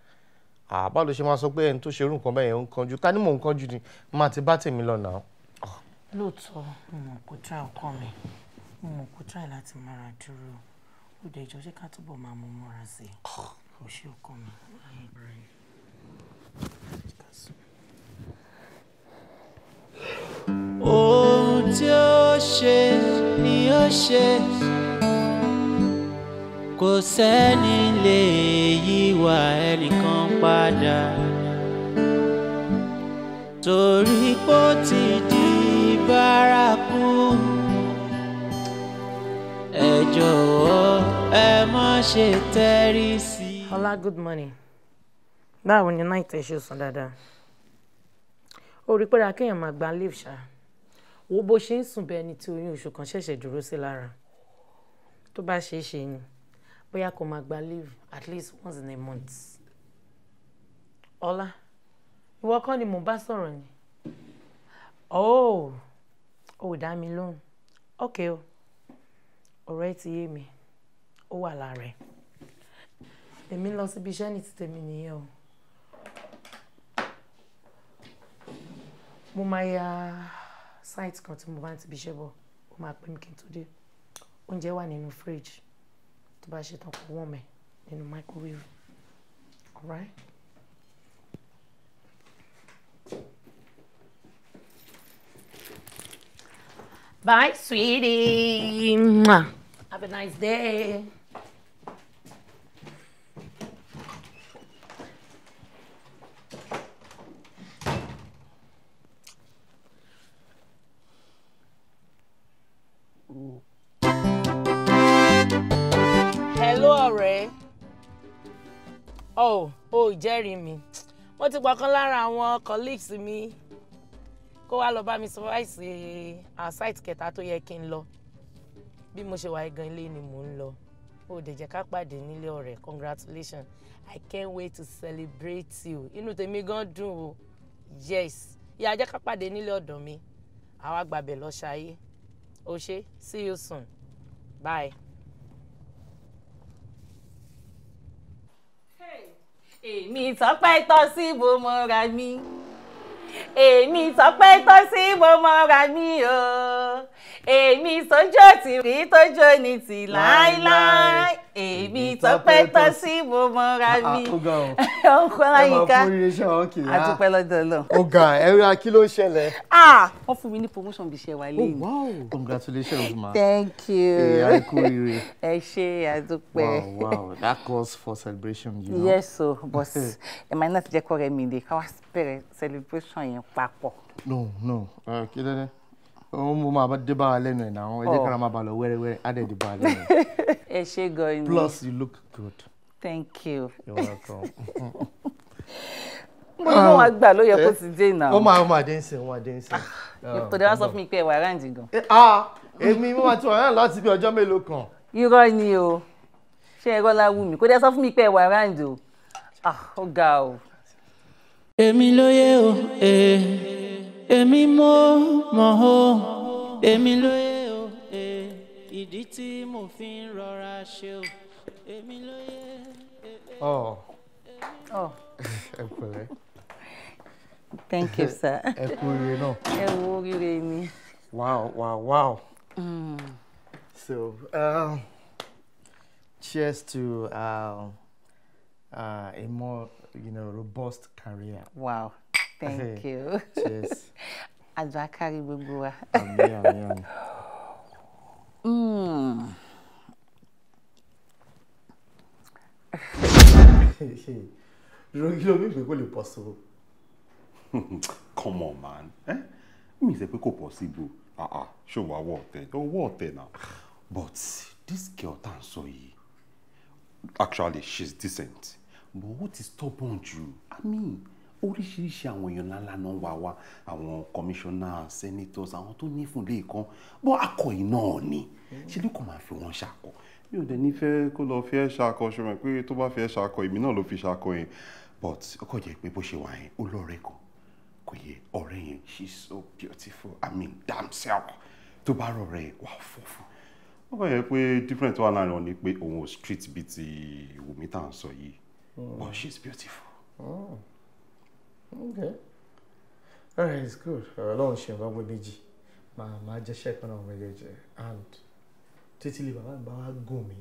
àbá ah, ló ṣe máa sọ pé ẹni tó ṣe irú nǹkan bẹ́ẹ̀ yẹn ń kanjú ká ní mò ń kanjú ni má ti bá tèmi lọ́nà. lóòótọ́ mo mọ̀ kó try ọkọ mi mo mọ̀ kó try láti mára dúró ó dẹ̀ jọ ṣé ká túbọ̀ máa mú múra sí i kò ṣe ọkọ mi. ohun tí ó ṣe ni ó ṣe kò sẹ́ni lè yíwà ẹnìkan padà torí pé ti di bárakú ẹ jọ̀wọ́ ẹ má ṣe tẹ́rí sí i. Ọlá good morning báwo ni náà ìtẹ̀sí sùn dáadáa ó rí pẹ́ra kéèyàn máa gba leave ṣá wo bó ṣe ń sùn bẹ́ẹ̀ ni tí oyún oṣù kan ṣẹ̀ṣẹ̀ dúró sí lára tó bá ṣeé ṣe ni bóyá kò máa gba leave at least once in a month. ọlá ìwọ kọ́ ni mò ń bá sọ̀rọ̀ ni oh ò dá mi lóhùn ok o ọ̀rọ̀ ẹ ti yé mi ó wà lára ẹ̀ èmi lọ síbi iṣẹ́ ní ti nìyẹn o mo máa ya site kan tí mo bá ń ti bí iṣẹ́ bọ̀ ó máa pè mí kí n tó dé oúnjẹ wà nínú fíríjì. bá ṣe tán kó warm in the microwave alright. Bye, sweetie. Have a nice day. ọ ò jẹ́rìí mi wọ́n ti pọkàn lára àwọn colleagues mi kó wá lọ bá mi supervise eh, our site kẹta tó yẹ kí n lọ bí mo ṣe wà gan ilé ni mò ń lọ ó dẹ̀ jẹ́ ká pàdé nílé ọ̀rẹ́ congratulations i can't wait to celebrate you inú tèmi gan dùn o yes ìyá jẹ́ ká pàdé nílé ọ̀dọ̀ mi àwa gbàbẹ̀ lọ ṣayé o ṣe see you soon bye. èmi Tọ́pẹ́ tọ́ sí bó mo ra mi èmi sọpẹ́ tó sí mo mọ́ra mi o èmi sójó ti rí tójó ni ti láíláí èmi sọpẹ́ tó sí mo mọ́ra ah, ah, mi. ọ̀nkọ́láyínká àdúpẹ́ ah. lọ́dọ̀ lọ. ọ̀gá ẹ̀rọ kí ló ń ṣẹlẹ̀. wọ́n fún mi ní promotion bí iṣẹ́ wa lẹ́yìn. oh wow congratulations ma. thank you. ẹ kú ire. ẹ ṣe àdúpẹ́. wow wow that calls for celebration you know. yes o oh, so, boss ẹ máa ní láti jẹ́ kọ́ rẹ̀ mi dé káwá sí bẹ̀rẹ̀ celebration yẹn papọ̀. no no kí ló dé òun mo máa dé bá wa lẹ́nu ẹ̀ náà ẹ jẹ́ kára oh. máa bá lọ wẹ́rẹ́wẹ́rẹ́ á dẹ̀ lẹ́nu ẹ ṣe gan ni plus you look good. thank you. you're welcome. mo ní wọn gbà ló yẹ kó ti dé náà. ó máa ó máa dé ń sìn ó máa dé ń sìn. ìpàdé ah, wa sọ oh, fún mi pé ẹwà ráǹdì gan. Eh, ah, èmi mo máa ti wà náà láti bí ọjọ́ mélòó kan. irọ́ ni o ṣé ẹ̀rọ la wù mí kó dẹ́ sọ fún mi pé ẹwà ráǹdì o ah, ó ga o èmi ló yé o e, èmi mo mọ̀ o èmi ló yé o e, ìdí tí mo fi ń rọra ṣe o èmi ló yé. E, ọ ọ ẹ pẹ̀lẹ́. thank you sir. ẹ kú oríire náà. ẹ wo oríire mi. wow wow wow. Mm. so um, cheers to um, uh, a more you know, robust career. Wow. Thank you. Cheers. Advakari Bubua. Amen, amen. Mm. ìròyìn ló wípé kò lè possible. come on man eh? mi say pé possible ah ah ṣó wàá wọ ọ̀tẹ̀ owó ọ̀tẹ̀ náà but this girl Tan à ń actually she's decent but what is stubborn jù i mean oríṣiríṣi àwọn èèyàn ńláńlá náà wà wá àwọn commissioner senators àwọn tó ní fún lẹ́ẹ̀kan bọ́ akọ̀yìn náà ni ṣe ló kàn máa fi wọ́n ṣàkọ. mi ò dẹ̀ ní fẹ́ kó lọ fi ẹ́ ṣàkọ ṣùgbọ́n pé tó bá fi ẹ́ ṣàkọ èmi náà ló fi ṣàkọ yẹn but ó kàn jẹ́ pé bó ṣe wà yẹn ó lọ́ọ̀rẹ́ kan kò yẹ ọ̀rẹ́ yẹn she is so beautiful i mean damn self tó bá rọ̀rẹ́ yẹn wà fọ́fún ó kàn pé different wà láàrin wọn ni pé òun ò street bíi ti wùmí tá à ń sọ yìí Mm. But oh, she's beautiful. Oh. Okay. All right, it's good. Alone she nǹkan pé méjì. My máa jẹ́ ṣẹ́pẹ́ náà my And títí lè bàbá mi bá wá gùn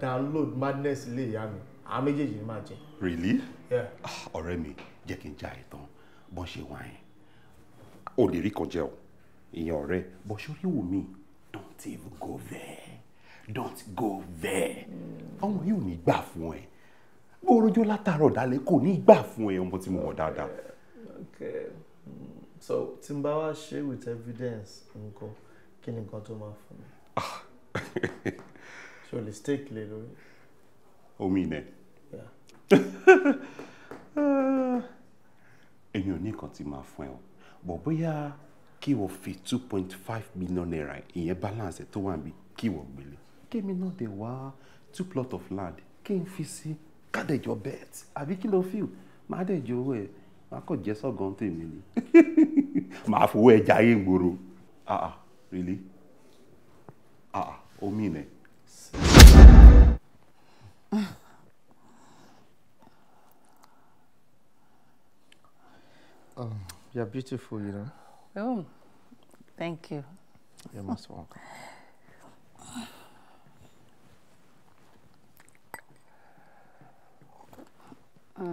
download madness lè yá mi, àwọn méjèèjì ni máa jẹ. Really? Yeah. Or ah, mi Jack kí n já she bọ́n ṣe wáyé. Rico lè rí kan But o. you me. Don't even go there. Don't go there. Mm. Ọmọ yóò ní gbà fún ẹ bó rojọ́ látàárọ̀ dálẹ́ kò ní gbà fún ẹ ọmọ tí mo mọ̀ dáadáa. so tí n bá wá ṣe with evidence nǹkan kí ni nǹkan tó máa fún mi. Ah. so lè steak lè lórí. omi ìnẹ. èmi ò ní nǹkan tí màá fún ẹ o bọ̀ bóyá kí wọ́n fi two point five million naira ìyẹn balance tó wà níbi kí wọ́n gbélé. kémi náà dé wá two plot of land kí n fi sí. Si kádẹ̀jọ bet àbí kí ló fíl má dẹ̀jọ owó ẹ̀ má kàn jẹ́ sọ́gàn tèmi ni màá fowó ẹja ayé gbòòrò ah ah really ah, ah, omi nẹ. Um, you're beautiful, you know. Oh, thank you. You're most welcome. Ah.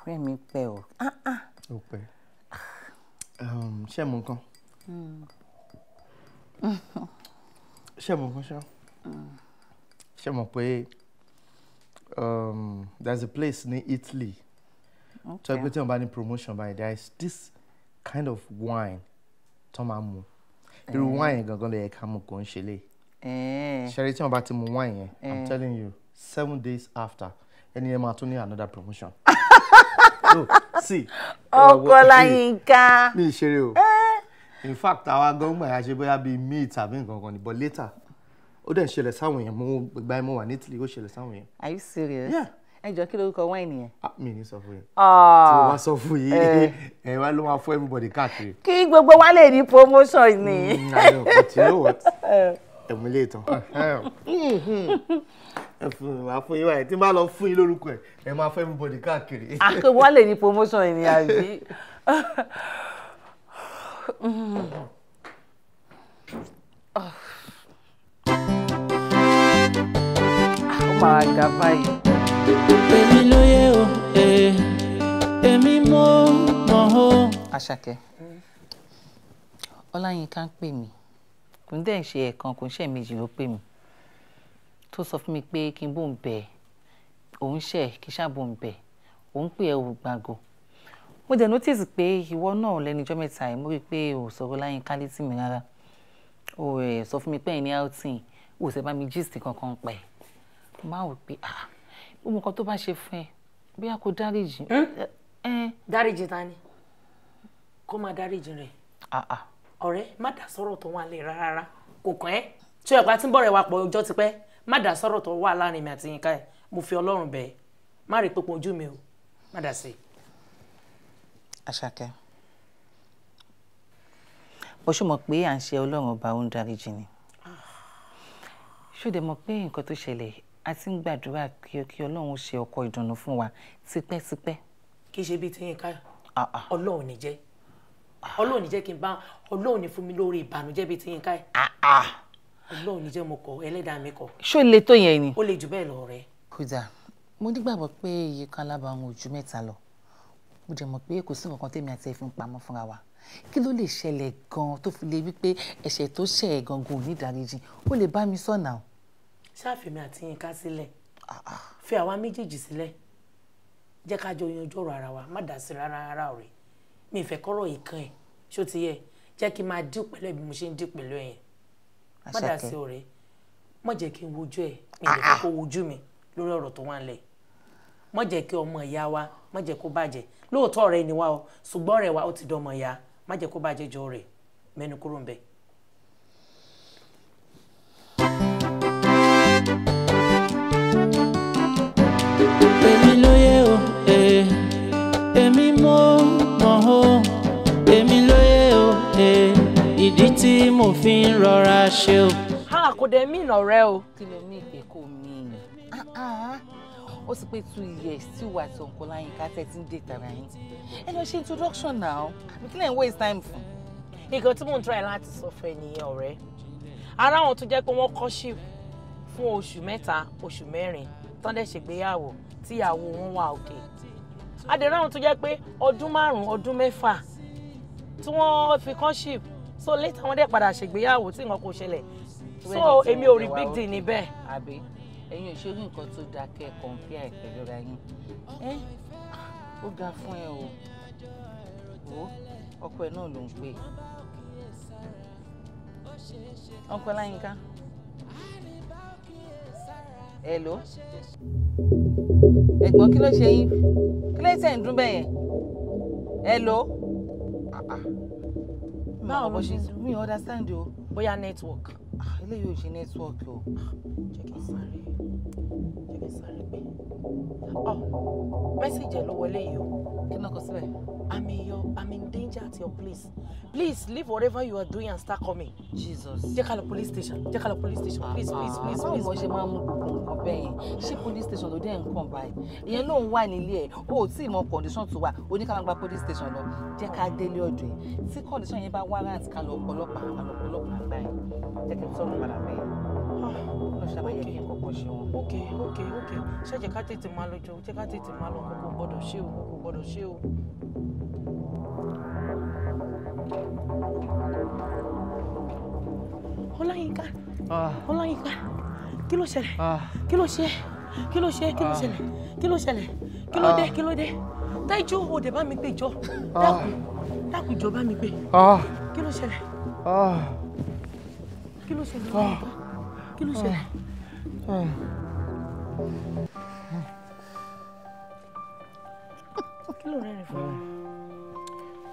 ọ̀rẹ́ mi pẹ́ o. Ah, ah. ó pẹ́ um, ṣé mo nǹkan ṣé mo nǹkan ṣá ṣé mo pé um, there's a place ní Italy tó ẹgbẹ́ tí wọ́n bá ní promotion báyìí there is this kind of wine tó máa mu irú eh. wine gangan ló yẹ ká mu kò ń ṣe léyìí. Eh. ṣẹ̀rí tí wọ́n bá ti mu wine yẹn i'm eh. telling you seven days after ẹni yẹn máa tún ní another promotion. so see. ọkọ láyínká. mi ìṣeré o eh. in fact àwa gọ́ngbà yà ṣe bóyá bíi meat tàbí nǹkan kan ni but later ó dẹ̀ ṣẹlẹ̀ sáwọn èèyàn mo gba ẹ̀ mo wà ní Italy ó ṣẹlẹ̀ sáwọn èèyàn. are you serious. yeah ẹ jọ kí lorúkọ wáìnì yẹn. Ah, mi ní sọ fún yín. Ah. tí wọ́n bá sọ fún yín ẹ wá ló máa fún everybody káàkiri. kí gbogbo wa lè ní promotion ni. ǹ àná kò tí ó wọ̀ tí ẹ̀mú ilé ìtàn ẹ fún mi máa fún yín báyìí tí n bá lọ fún yín lórúkọ ẹ ẹ máa fẹ́ mi bọ̀dì káàkiri. àkèwọ́n lè ní promotion ìrìn àjò ó máa ga báyìí. èmi lóye o e, èmi mo mọ̀ o. àṣàkẹ́ ọláyínká ń pè mí kò ń dẹ̀ ṣe ẹ̀kan kò ń ṣe méjì ló pè mí tó sọ fún mi pé kí n bò ń bẹ̀ òun ṣẹ̀ kí n ṣàbò ń bẹ̀ òun pè ẹ̀ òun gbàgò mo dẹ̀ notice pé ìwọ náà lẹ́nijọ́ mẹ́ta yìí mo rí i pé ò sọ̀rọ̀ láyé kálítì mi rárá ò ẹ̀ eh, sọ fún mi pé ẹ̀yin ní outing ò sẹ́ bá mi gist kankan pẹ̀ máa wò pé ah gbogbo nǹkan tó bá ṣe fún ẹ bóyá kò dáríjì. Hm? Eh, eh. dáríjì ta ni kó máa dáríjì rẹ̀. Ah, ah ọ̀rẹ́ má dà sọ̀rọ̀ tó wà lè rárá kò kàn ẹ́ tí ọ̀pá tí ń bọ̀rẹ̀ wa pọ̀ ọjọ́ ti pẹ́ má dà sọ̀rọ̀ tó wà láàrin mi àti Yínká ẹ̀ mo fi Ọlọ́run bẹ̀ ẹ́ má rí pípọ̀ ojú mi o má dà sí i. Àṣàkẹ́ bó ṣe mọ̀ pé à ń ṣe Ọlọ́run ọba ó ń dáríjì ni ṣóde mọ̀ pé nǹkan tó ṣẹlẹ̀ a ti ń gbàdúrà kí Ọlọ́run ṣe ọkọ̀ ìdùnnú fún wa tipẹ́tipẹ́. kì í ṣe bíi ti Yínká ah, ah. Ọlọ́run ní jẹ́ ọlọ́run ní jẹ́ kí n bá ọlọ́run ní fún mi lórí ìbànújẹ́ bíi ti yín ká ẹ̀. Ah, ah. ọlọ́run ní jẹ́ mo kọ ẹlẹ́dàá mi kọ. ṣó le tó yẹn ni. ó le jù bẹ́ẹ̀ lọ rẹ. kódà mo nígbàgbọ́ pé iye kan alábàáhùn ojú mẹ́ta lọ mo dẹ̀ mọ̀ pé kò sí nǹkan tèmi àti ẹ̀ fi ń pamọ́ fúnra wa kí ló lè ṣẹlẹ̀ gan tó fi lè wí pé ẹ̀ṣẹ̀ tó ṣẹ̀ gangan ò ìdáríjì ó lè bá mi sọ̀nà o. ṣáàfìmí àti yínká sílẹ̀ ah, fi àwa méjèèjì sílẹ̀ jẹ́ ká jọ yanjú ọ̀rọ̀ ara wa má dà sí rárá rárá ọ̀rẹ́ mi ìfẹ́ kọ́rọ̀ yìí kan ẹ̀ ṣó ti yẹ jẹ́ kí n máa dín pẹ̀lú ẹ̀ bí mo ṣe ń dín pẹ̀lú ẹ̀ yẹn má dà sí ọ̀rẹ́ má jẹ́ kí n wojú ẹ̀ mi ìfẹ́ ah, ah. kó wojú mi lórí ọ̀rọ̀ tó wà ń má jẹ́ kí ọmọ ìyá wa má jẹ́ kó bàjẹ́ lóòótọ́ ọ̀rẹ́ ni wa o ṣùgbọ́n ọ̀rẹ́ wa ó ti dán ọmọ ìyá má jẹ́ kó bàjẹ́ jọ ọ̀rẹ́ mẹ́nu kúrò ń bẹ́ẹ̀. tí mo fi ń rọra ṣe o. a kò dẹ̀ mí ìnọ̀rẹ́ o. kí ló ní ìpè kò ah, ah. ó sì pé two years tí wà tí òǹkọ láyínká tẹ̀sí ń dètà ara yín ẹ lọ ṣe introduction now àbí kí lẹ̀ ń waste time fún. nǹkan tí mò ń try láti sọ fún ẹ nìyẹn ọ̀rẹ́ ara àwọn tó jẹ́ pé wọ́n kọ́ṣìp fún oṣù mẹ́ta oṣù mẹ́rin tán dẹ̀ ṣègbéyàwó tíyàwó wọn wà òkè adẹ̀rẹ̀ àwọn tó jẹ́ pé ọdún márùn-ún ọdún mẹ́fà tí wọ́n fi kọ́ṣìp so later wọ́n dẹ̀ padà ṣègbéyàwó tí nǹkan kò ṣẹlẹ̀ so èmi ò rí big deal níbẹ̀. àbí ẹ̀yin ò ṣe rí nǹkan tó dáa kẹ́ ẹ̀ compare ẹ̀ pẹ̀lú ra yín ẹ́ ó ga fún ẹ o wò ó ọkọ ẹ náà ló ń pè ọkọ láyínká hello ẹ̀gbọ́n kí ló ṣe yín kí ló ṣe ń dún bẹ́ẹ̀ yẹn hello ah, ah máa bọ́ ṣe sùn. mi understand o. bóyá network. Ah, eléyìí ò ṣe network o. jẹ́ kí n sáré jẹ́ kí n sáré pé. Oh, message ẹ̀ ló wọlé yìí o. kí ló kọ I'm in your I'm in danger at your place. Please leave whatever you are doing and start coming. Jesus. Jẹ́ ká lọ police station. Jẹ́ ká lọ police station. Please please please. please. ni wọ́n ṣe máa ń mú gbogbo nǹkan bẹ́ẹ̀ yẹn? Ṣé police station ló dé nǹkan báyìí? Ìyẹn ló ń wà nílé ẹ̀. O ò mọ condition tó wà. O ní ká máa gba police station lọ. Jẹ́ ká délé ọ̀dọ̀ ẹ̀. Tí condition yẹn bá warrant ká lọ ọ̀pọ̀lọpàá àlọ́ ọ̀pọ̀lọpàá gbà yẹn. Jẹ́ kí n sọ̀rọ̀ padà bẹ́ẹ̀ ọ̀ṣàbàyẹ kí n kọ́kọ́ ṣe wọn. ok ok ok ṣé jẹ́ ká tètè máa lọ jọ jẹ́ ká tètè máa lọ kókó gbọ́dọ̀ ṣé o kókó gbọ́dọ̀ ṣé o. ọláyínká ah. ọláyínká kí ló ṣẹlẹ̀ ah. kí ló ṣe kí ló ṣe kí ló ah. ṣẹlẹ̀ kí ló ṣẹlẹ̀ kí ló dé kí ló dé dájú o bá mi gbé jọ dákun dákun jọ bá mi gbé kí ló ṣẹlẹ̀ kí ló ṣẹlẹ̀ ọláyínká. kí ah.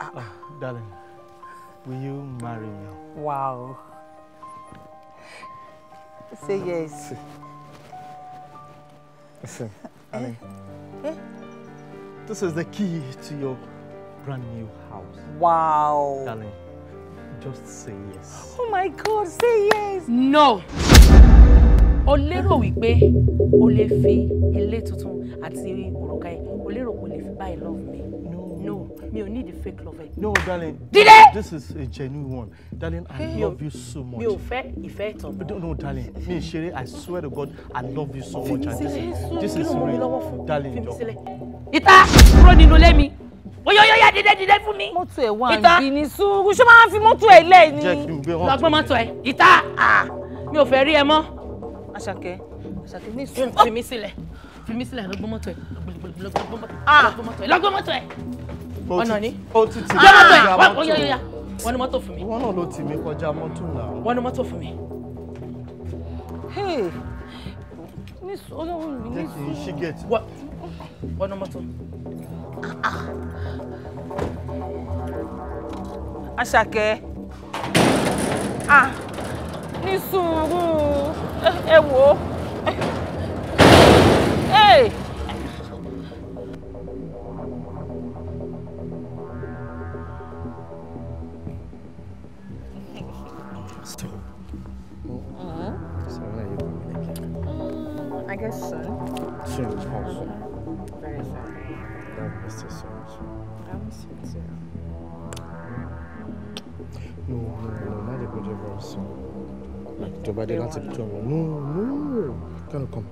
ah. ah, darling will you marry me. wow say yes. Listen, eh? darling. eh? this is the key to your brand new house. Wow. Darling, Just say yes. Oh my God, say yes. No. O lérò wípé o lè fi ilé tuntun àti òrùka ẹ̀ o lérò kò lè fi buy love me. No. No, Me ò need the fake love No, darling. Dídé. This is a genuine one. Darling, I hey, love you so much. Mi ò fẹ́ ìfẹ́ ìtàn. No, no, darling. Me ì ṣeré, I swear to God, I love you so much. Fimi sílẹ̀. This is real. Darling, Ita, Ìta kúrò nínú oyo yo ya dìde dìde fún mi. mọ́tò ẹ̀ wà níbi ní sùúrù ṣé máa ń fi mọ́tò ẹ̀ lẹ̀ ni. lọ́gbọ́n mọ́tò ẹ̀ ìta mi ò fẹ́ rí ẹ mọ́. àṣàkẹ́ àṣàkẹ́ ní sùúrù fi mí sílẹ̀ fi mí sílẹ̀ lọ́gbọ́n mọ́tò ẹ̀ lọ́gbọ́n mọ́tò ẹ̀ lọ́gbọ́n mọ́tò ẹ̀ ọ̀nà ni. ó ti ti lọ́wọ́ mọ́tò ẹ̀ oyo yo ya wọ́n ní mọ́tò fún mi. wọ́n náà ló tì mí kọjá mọ́tò náà. wọ́n ní mọ́tò fún mi. ní sùúrù mi ní sùúrù. wọ́n ní mọ́tò. Àṣàkẹ́ ah ní sùúrù eh wo.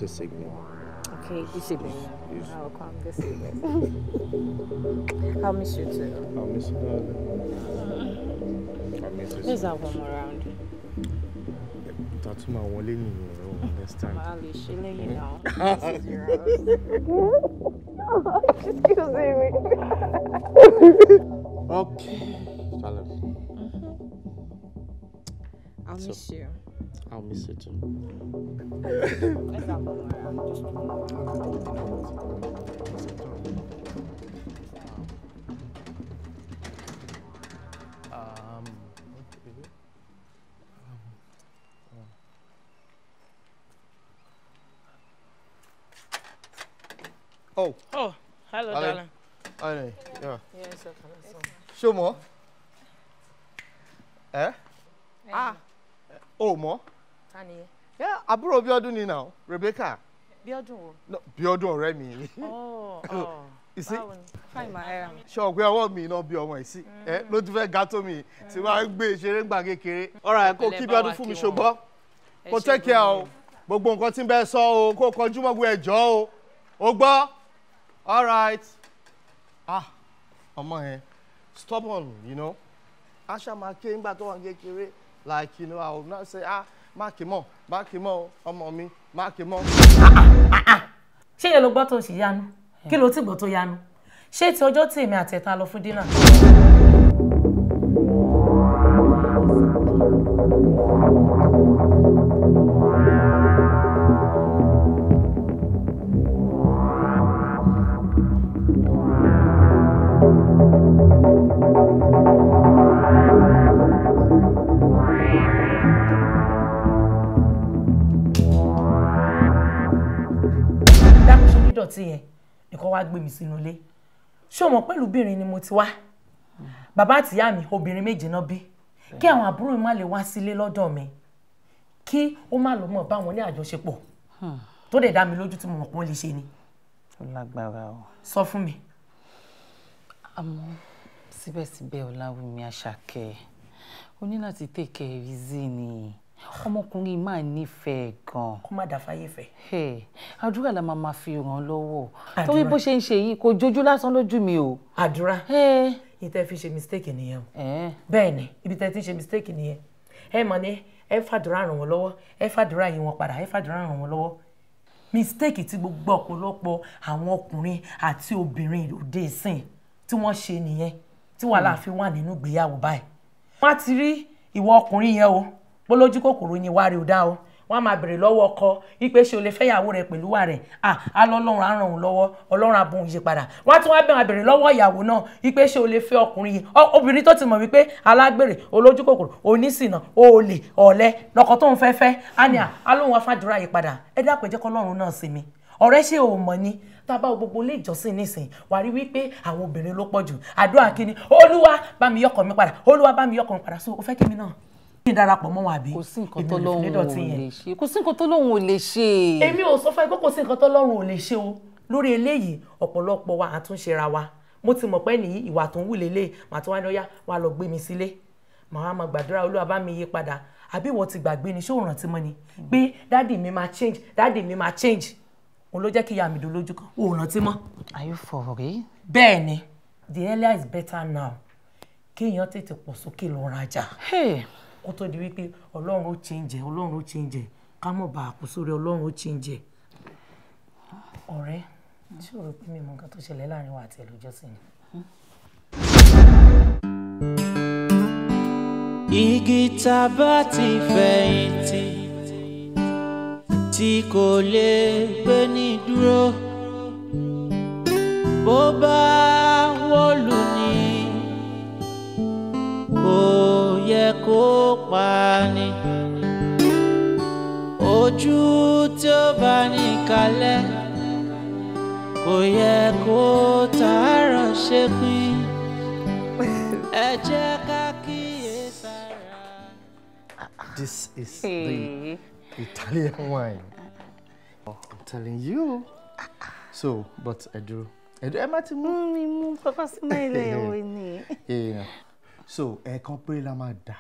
this evening. Okay, this evening. Yes. I will come this evening. I'll miss you too. I'll miss you, darling. I'll miss you. Please around. That's my only time. Ali, you know. This is your Excuse me. okay, Mm -hmm. I'll so. miss you. I'll miss it too. Oh. Oh, hello, Ale. darling. Ale, yeah. Yeah, it's okay. Show more. Eh? Ah. o oh, mọ̀. ta ni. yẹ àbúrò ni now Rebecca. Bíọ́dún wo. no Bíọ́dún ọ̀rẹ́ mi. ọ ọ ìsí ṣe ọgbẹ ọwọ́ mi iná bí ọmọ ìsí ẹ mm. ló ti fe ga mi tiwa wàá gbé ìṣeré ńgbà kékeré ọ̀rọ̀ ẹ̀ kó kí Bíọ́dún fún mi sogbo kó tẹ́kẹ̀ ẹ o gbogbo nǹkan tí ń so sọ o kó kọjú mọ́ gbogbo ẹ̀jọ́ o o gbọ́ all right ah ọmọ yẹn stubborn you know aṣa ma ke ńgbà tó wà like you know I will not say ah máàkì mọ̀ máàkì mọ̀ ọmọ mi máàkì mọ̀. ṣé yẹn ló gbọ́ tó ṣì yanu kí ló ti gbọ́ tó yanu ṣé ti ọjọ́ tí èmi àti ẹ̀ta lọ fún dínà. dọ̀tí yẹn nìkan wá gbé mi sínú ilé ṣé o mọ̀ pẹ̀lú obìnrin ni mo ti wá bàbá àtìyá mi obìnrin méje náà bí kí àwọn àbúrò mi má lè wá sílé lọ́dọ̀ mi kí ó má lọ́ mọ̀ bá wọn ní àjọṣepọ̀ hmm. tó dẹ̀ dá mi lójú tí mo mọ̀ pé wọ́n lè ṣe ni. ó lágbára o. sọ fún mi. àmọ́ síbẹ̀síbẹ̀ ọ̀làwùmí àṣàkẹ́ o ní láti take care easy ni ọmọkùnrin máa nífẹ̀ẹ́ gan. kó má dà fáyé fẹ́. àdúrà la máa fi ràn án lọ́wọ́ torí bó ṣe ń ṣe yìí kò jójú lásán lójú mi o. àdúrà ìtẹ́ fi ṣe mistake nìyẹn o bẹ́ẹ̀ ni ibi tẹ́ ti ṣe mistake nìyẹn ẹ mọ̀ ni ẹ fàdúrà ràn wọ́n lọ́wọ́ ẹ fàdúrà yí wọn padà ẹ fàdúrà ràn wọ́n lọ́wọ́ mistake tí gbogbo ọ̀pọ̀lọpọ̀ àwọn ọkùnrin àti obìnrin òde ìsìn tí wọ́n ṣe nìyẹn tí wàhálà fi wà nínú ìgbéyàwó báyìí wọ́n á ti rí ìwọ ọkùnrin yẹn o bó lójú kòkòrò yín wá rí o dá o wọn a máa bèrè lọ́wọ́ ọkọ ipe ṣe o lè fẹ́yàwó rẹ pẹ̀lú wa rẹ à á lọ Ọlọ́run á ràn òun lọ́wọ́ Ọlọ́run àbùn yìí padà wọn a tún wá bẹ̀rẹ̀ bèrè lọ́wọ́ ìyàwó náà ipe ṣe o lè fẹ́ ọkùnrin yìí obìnrin tó ti mọ̀ wípé alágbèrè olójú kòkòrò onísìnà olè ọ̀lẹ lọ́kọ tó ń fẹ́ fẹ́ àní á lóun yìí padà ẹ dápẹ́ jẹ́ kọ́lọ́run náà sinmi ọ̀rẹ́ ṣe ò mọ̀ ni tá gbogbo ilé ìjọsìn nísìn wà rí wípé àwọn obìnrin ló pọ̀ jù àdúrà kínní olúwa bá mi yọkọ mi padà olúwa bá mi yọkọ mi padà so o fẹ́ kí mi náà kí n mọ́ wọn àbí kò sí nǹkan tó ò lè ṣe èmi ò sọ fún ẹ pé kò sí nǹkan tó ò lè ṣe o lórí eléyìí ọ̀pọ̀lọpọ̀ wa àtúnṣe ra wa mo ti mọ̀ pé nìyí ìwà tó ń wù lélẹ̀ màá tó wá ní ọyá wà lọ gbé mi sílé màá máa gbàdúrà olúwa bá yí padà àbí ìwọ ti gbàgbé ni ṣé ò rántí mọ́ ni pé dáàdì mi máa change dáàdì mi máa change òun ló jẹ́ kí ìyá mi dùn lójú kan òun rántí mọ́. are you for real. bẹ́ẹ̀ the earlier is better now kéèyàn tètè pọ̀ sókè lọ rajà. Hey kó tó di wípé ọlọ́run ó change ọlọ́run ó change ká mọ̀ bá àpò sórí ọlọ́run ó change. ọ̀rẹ́ ṣé o rò pé mi mọ nǹkan tó ṣẹlẹ̀ láàrin wa àti ẹlòjọ́sìn ni. igi tá ti fẹ̀yìntì tí kò lè gbé ní dúró bó bá wà. ojú tí ó bá ní kalẹ̀ kò yẹ kó tààrọ̀ ṣe pín ẹ jẹ́ ká kíyè sára. This is the Italian wine. I'm telling you. So, but ẹ dúró ẹ dúró ẹ má ti mú. mi mú pápá sí mẹ́lẹ̀ ìwé ni. So, ẹ̀ẹ̀kan péré la máa dà.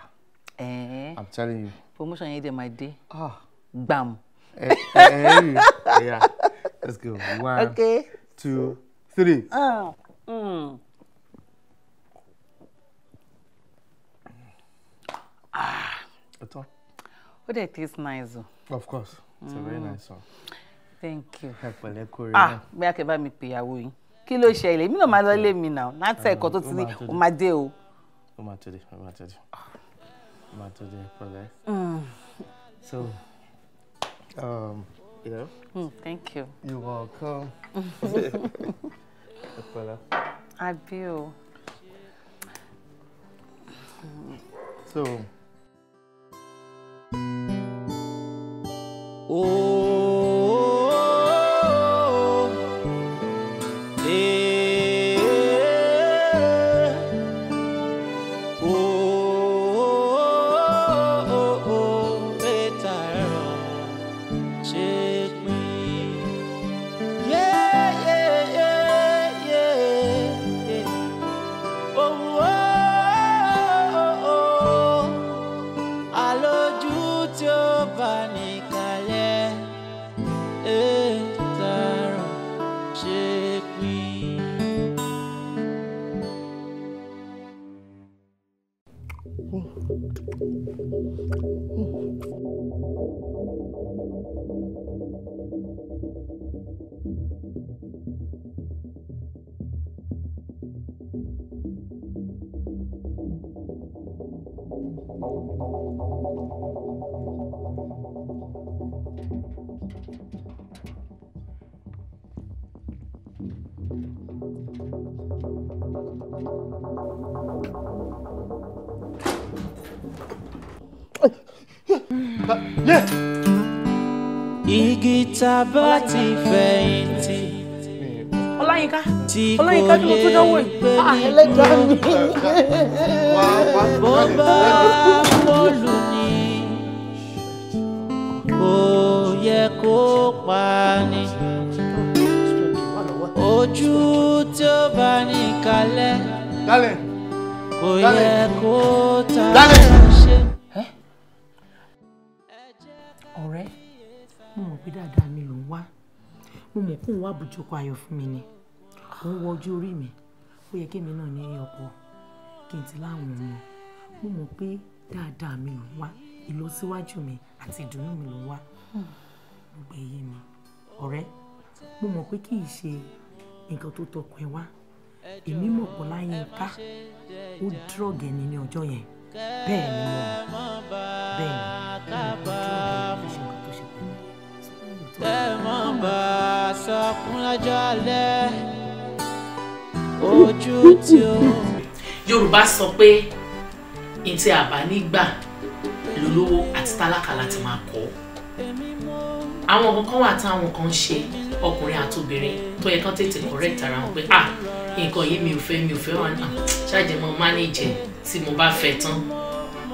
I'm telling you. Promotion yẹn dẹ̀ máa dé. Ah. Bam. Eh, eh, eh, yeah. let's go one okay. two three. Uh, mm. ah. At all. Oh, that tastes nice o. of course it's mm. a very mm. nice one. thank you. ẹ pẹ̀lẹ́ kórè náà. ah bí akẹ́bá mi pèyàwó yìí kí ló no èmi náà máa lọ lé mi náà láti ah, ẹ̀kọ́ tó ti ní o máa dé o. o máa tẹ̀lé o máa tẹ̀lé o ah. máa tẹ̀lé pẹ̀lẹ́. Mm. so. Um, you know? Mm, thank you. You're welcome. I feel. So. Oh. tá bá ti fẹ̀yìntì. ọláyínká ọláyínká kí ló tún dánwò yìí. Ah, ẹlẹ́dàá mi. bó bá wọlù ni kò yẹ kó pa ni ojú tí ó bá ní kalẹ̀ kò yẹ kó ta ṣe. pé dáadáa mi ò ń wá mo mọ̀ kó wá bùjókòó ayọ̀ fún mi ni ò wọ ojú orí mi ó yẹ kémi náà ní ọkọ kí n ti láwọn ọmọ mo mọ̀ pé dáadáa mi ò ń wá ìlọsíwájú mi àti ìdùnnú mi ló wá mo gbé yé mi ọ̀rẹ́ mo mọ̀ pé kì í ṣe nǹkan tó tọkùn ẹ wá èmi mọ̀ pọ̀ láyé ká ó dúrọ̀gẹ̀ ni ní ọjọ́ yẹn bẹ́ẹ̀ ni mo bẹ́ẹ̀ ni mo dúrọ̀gẹ̀ ni ní ọjọ́ yẹn tẹ́ mọ́ bá a sọkún lọ́jọ́ alẹ́ ojú tí ó. Yorùbá sọ pé ntí àbá nígbà lólówó àti tálákà láti máa kọ́ àwọn kankan wà táwọn kan ṣe ọkùnrin àtobìnrin tó yẹ kán tètè correct ara wọn pé ah nǹkan yìí mi ò fẹ́ mi ò fẹ́ wọn náà ṣáàjẹ́ mo manage tí mo bá fẹ́ tán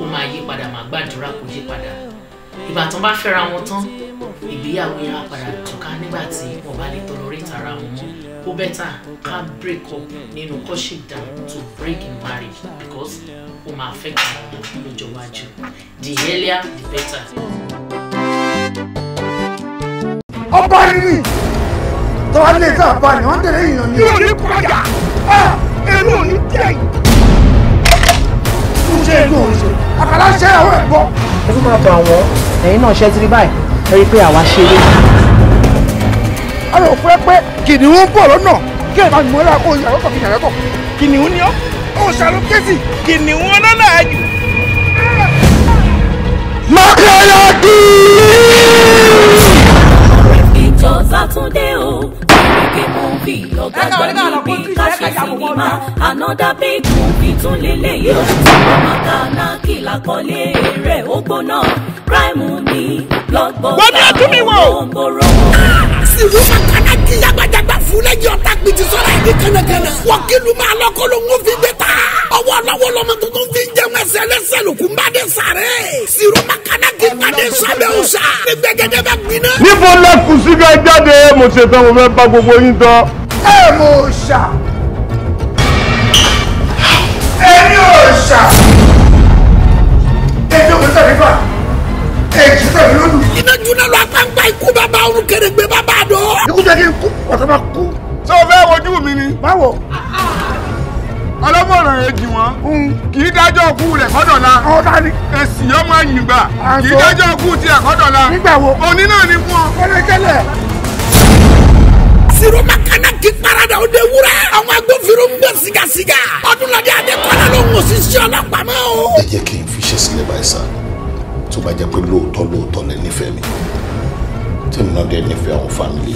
ó máa yí padà máa gbàdúrà kó yí padà ìgbà tán bá fẹ́ra wọn tán ìgbéyàwó yẹn á padà túká nígbà tí wọn bá lè tolerate ara wọn mọ́ ó bẹ́tà ká break up nínú courtship down to break in marriage because ó máa affect àwọn ọmọ lọ́jọ́ iwájú the earlier the better. ọba rírì tọ́wálé tá a bá ní wọ́n tẹ̀lé èèyàn ní. yóò ah, ní kọjá ẹ ẹ lóò ní tẹ̀yìn tún ṣe náà ṣẹ́ tiri báyìí ẹ rí i pé àwa ṣeré. a rò pé pé kìnìún bọ̀ lọ́nà kí ẹ̀ máa mọ́ra kó yàrá kọ̀ fi yàrá kọ̀ kìnìún ni ọ́ ó ṣàlù kéjì kìnìún ọlọ́nà ayù. mákàlá ìjọ sátúndé o big movie lọ́gá gbà níbi káṣe sinimá another big movie tún lélẹ̀ yìí ó sọ̀rọ̀ màkà náà kí làkọ́lé rẹ̀ ó gbóná prime ni blood bọ́ọ̀lù àwọn ọmọ ògbóró. sì wọ́n máa kí lágbàdàgbà fúlẹ́jì ọ̀tá gbìtì sọ̀rọ̀ ẹ̀dí kánakánná. wọ́n kílù máa lọ́kọ́lọ́ ń fi gbé ta. ọwọ́ lọ́wọ́ lọ́mọ tuntun ti jẹun ẹsẹ̀ lẹ́sẹ̀ lókun bá dé sàrẹ́. sírò makana kí n pàdé sábẹ́ òòṣà. ní gbẹgẹdẹ bá gbiná. níbo la kù sí ká jáde mo ṣe tán mo fẹ́ bá gbogbo yín tán. ẹ mo ṣà ẹni òòṣà ẹjọ́ kò sọ èyí tẹ̀lé lónìí. iná júná lọ apáńpá ikú bàbá òun kèrègbè bàbá àdó. ikú jẹ́ kí n kú ọ̀tọ́ máa kú. ṣé o fẹ́ wojú mi ni. báwo. ọlọ́mọ̀ràn yẹn jì wọ́n. Hmm. kì í dájọ́ òkú rẹ̀ kọ́dọ̀ la. ọ̀ ta ni. èsì ọmọ yìnbà. kì í dájọ́ òkú tiẹ̀ e kọ́dọ̀ la. nígbà wo. òní náà ni fún ọ. siro makana k'i parada o de wura. àwọn agbófinró ń gbọ́ sigasiga. ọdún lọ́dẹ adé kọ́lá ló ń wò sí sí ọlọ́pàá mọ́ o. ẹ jẹ́ kí n fi ṣe sílẹ̀ báyìí sáà tó bá jẹ́ pé lóòótọ́ lóòótọ́ lẹ nífẹ̀ẹ́ mi tèmi náà dé nífẹ̀ẹ́ àwọn fámìlì.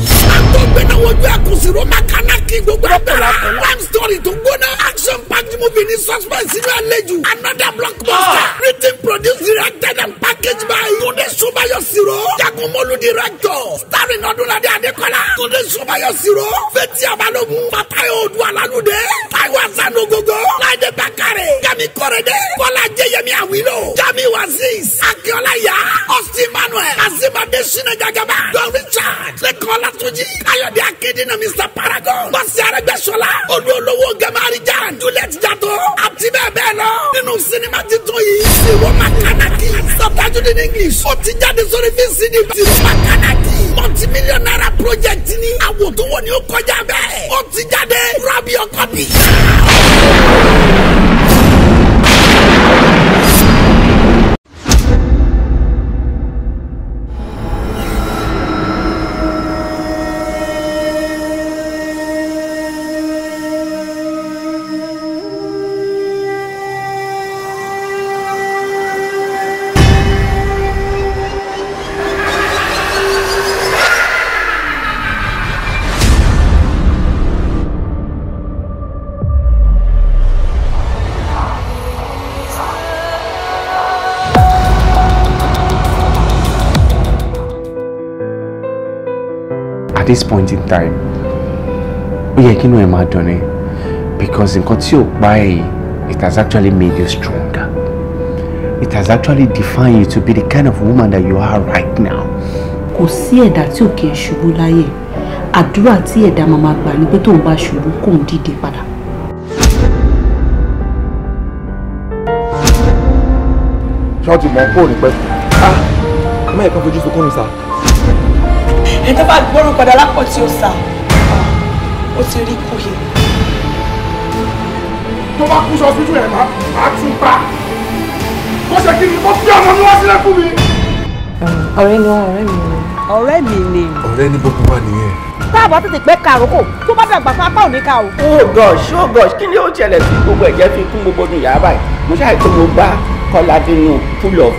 àtọ̀ gbẹ̀dáwọ̀ ju àkùsí roma kanaki gbogbo abẹ́rẹ́ crime story tó gbóná action packed movie ní suspense inú àlejò another blockbuster ah. written produced directed and packaged by Tunde Sobayo Siro Jagunmolu director starring Ọdúnladé Adékọ́lá Tunde Sobayo Siro Fẹ́tí Abalogun Fatayo Odualalude Taiwo Asanogogo Láìdé Bakare Gami Kọ́rẹ́dé Kọ́lá Jẹ́yẹmí Awilo Jami Aziz Akíọ́lá Ya. Austin Manuel Azimade Sinajagaba. Don Richard lẹ́kọ̀ọ́ Látúnjì Káyọ̀dé Akédèna Mr Paragon Bọ́sì Arẹ́gbẹ́sọlá Olú olówó Gamari Jan Juliet Jato àti bẹ́ẹ̀ bẹ́ẹ̀ lọ nínú sinimá titun yìí Sèwọ́ Makanaki Sọtajúde ní English ó ti jáde sórí VCD Sèwọ́ Makanaki multi-million naira project ni àwọn tó wọ ni ó kọjá bẹ́ẹ̀ ó ti jáde grab your copy. at this point in time ó yẹ kí inú ẹ máa dùn ni because nǹkan tí ò pa ẹ yìí it has actually made you stronger it has actually defined you to be the kind of woman that you are right now. kò sí ẹ̀dá tí ò kí ẹ ṣubú láyé àdúrà tí ẹ̀dá máa máa gbà ni pé tóun bá ṣubú kóun dìde padà. ṣọ́ọ̀tì mọ̀ kó o ní pẹ́. ah mẹ́ẹ̀kan fojú sunkún mi sá èyí tó bá gbórùn padà lápò tí ó sà ó ti rí kú yìí. tó bá kú sọ síjú ẹ̀ máa tún bá kó ṣe kí ni ó fi ọmọ mi wá sílẹ̀ fún mi. ọ̀rẹ́ ni wọ́n ọ̀rẹ́ mi ni. ọ̀rẹ́ mi ni. ọ̀rẹ́ ní gbogbo wa nìyẹn. tá tètè pẹ́ ka àkókò tó bá dàgbà fún apá òní ka o. oh gosh oh gosh kí ni ó ṣẹlẹ̀ sí gbogbo ẹ̀jẹ̀ fi kún gbogbo ọdún yàrá báyìí mo ṣàìtó mo bá kọ́ládé full of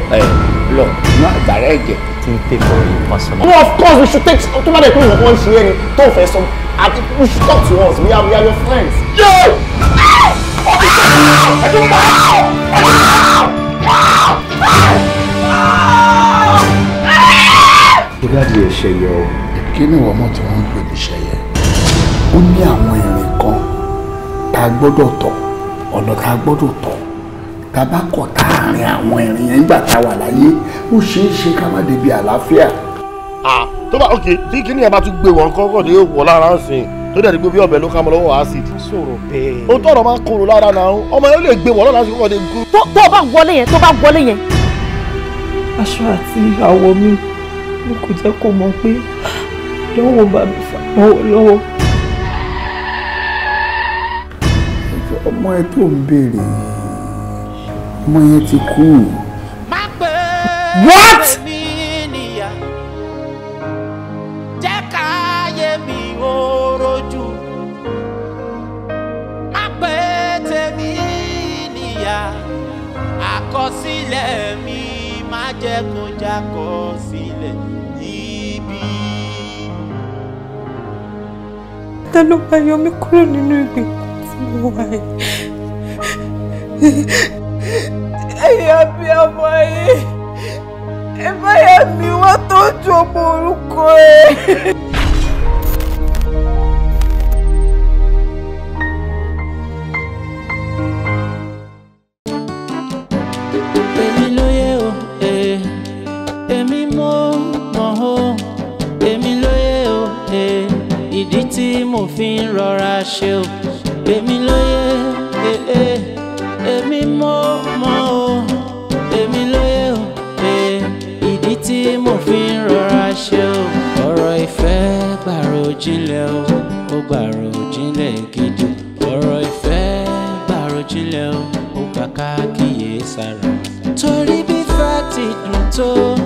blood eh, náà àgbàrá ẹ̀jẹ̀ still pay for a personal. No, of course, we should take. Tó bá dẹ̀ pé ìwọ̀n ṣe ẹni tó fẹ́ sọ, àti we should talk to us, we are, we are your friends. Yóò! Ẹ̀dùn pa! Ẹ̀dùn pa! Bóyá di ẹ̀ṣẹ̀ yẹ o. Kí ni ìwọ mọ̀ tí wọ́n ń pè ní ṣẹ̀yẹ? Ó ní àwọn ìrìn kan tá a gbọ́dọ̀ tọ̀, ọ̀nà tá a gbọ́dọ̀ tọ̀. Tá a bá kọ̀ táàrin àwọn ìrìn yẹn nígbà tá a wà láyé ó ṣeé ṣe ká má débi àlàáfíà. tó bá ok tí kíní ẹ bá tún gbé wọn kọ́kọ́ ní èèwọ̀ lára ń sìn tó dẹ̀ ní gbé bí ọ̀bẹ ló ká mọ́ lọ́wọ́ acid. sọ̀rọ̀ bẹ́ẹ̀. o tọrọ máa ń korò lára náà ọmọ yẹn lè gbé wọn lọ́la sí kọ́kọ́ ní gún. tó o bá wọlé yẹn tó o bá wọlé yẹn. aṣọ àti àwọ̀ mi ni kò jẹ́ kó mọ̀ pé lọ́wọ́ bá mi fà lọ́wọ́. ọmọ ẹ tó ń béèrè ọmọ yẹn ti kú. Cool. What? Àkọsílẹ̀ mi má jẹ́ kó jákọsílẹ̀ ibi. Ta ló máa yọ mí kúrò nínú ìgbèkùn tí mo wà yìí? Ẹ̀yin àbí ọmọ yìí ẹ báyà mi wá tọ́jú ọmọ orúkọ ẹ. èmi lóye o e, èmi mo mọ̀ o èmi o e, ìdí tí mo fi ń rọra o. jinlẹ̀ o ó gbàrò jinlẹ̀ gidi ọ̀rọ̀ ìfẹ́ gbàrò jinlẹ̀ o ó kàkà kíyè sára. torí bí fẹ́ ti dùn tó.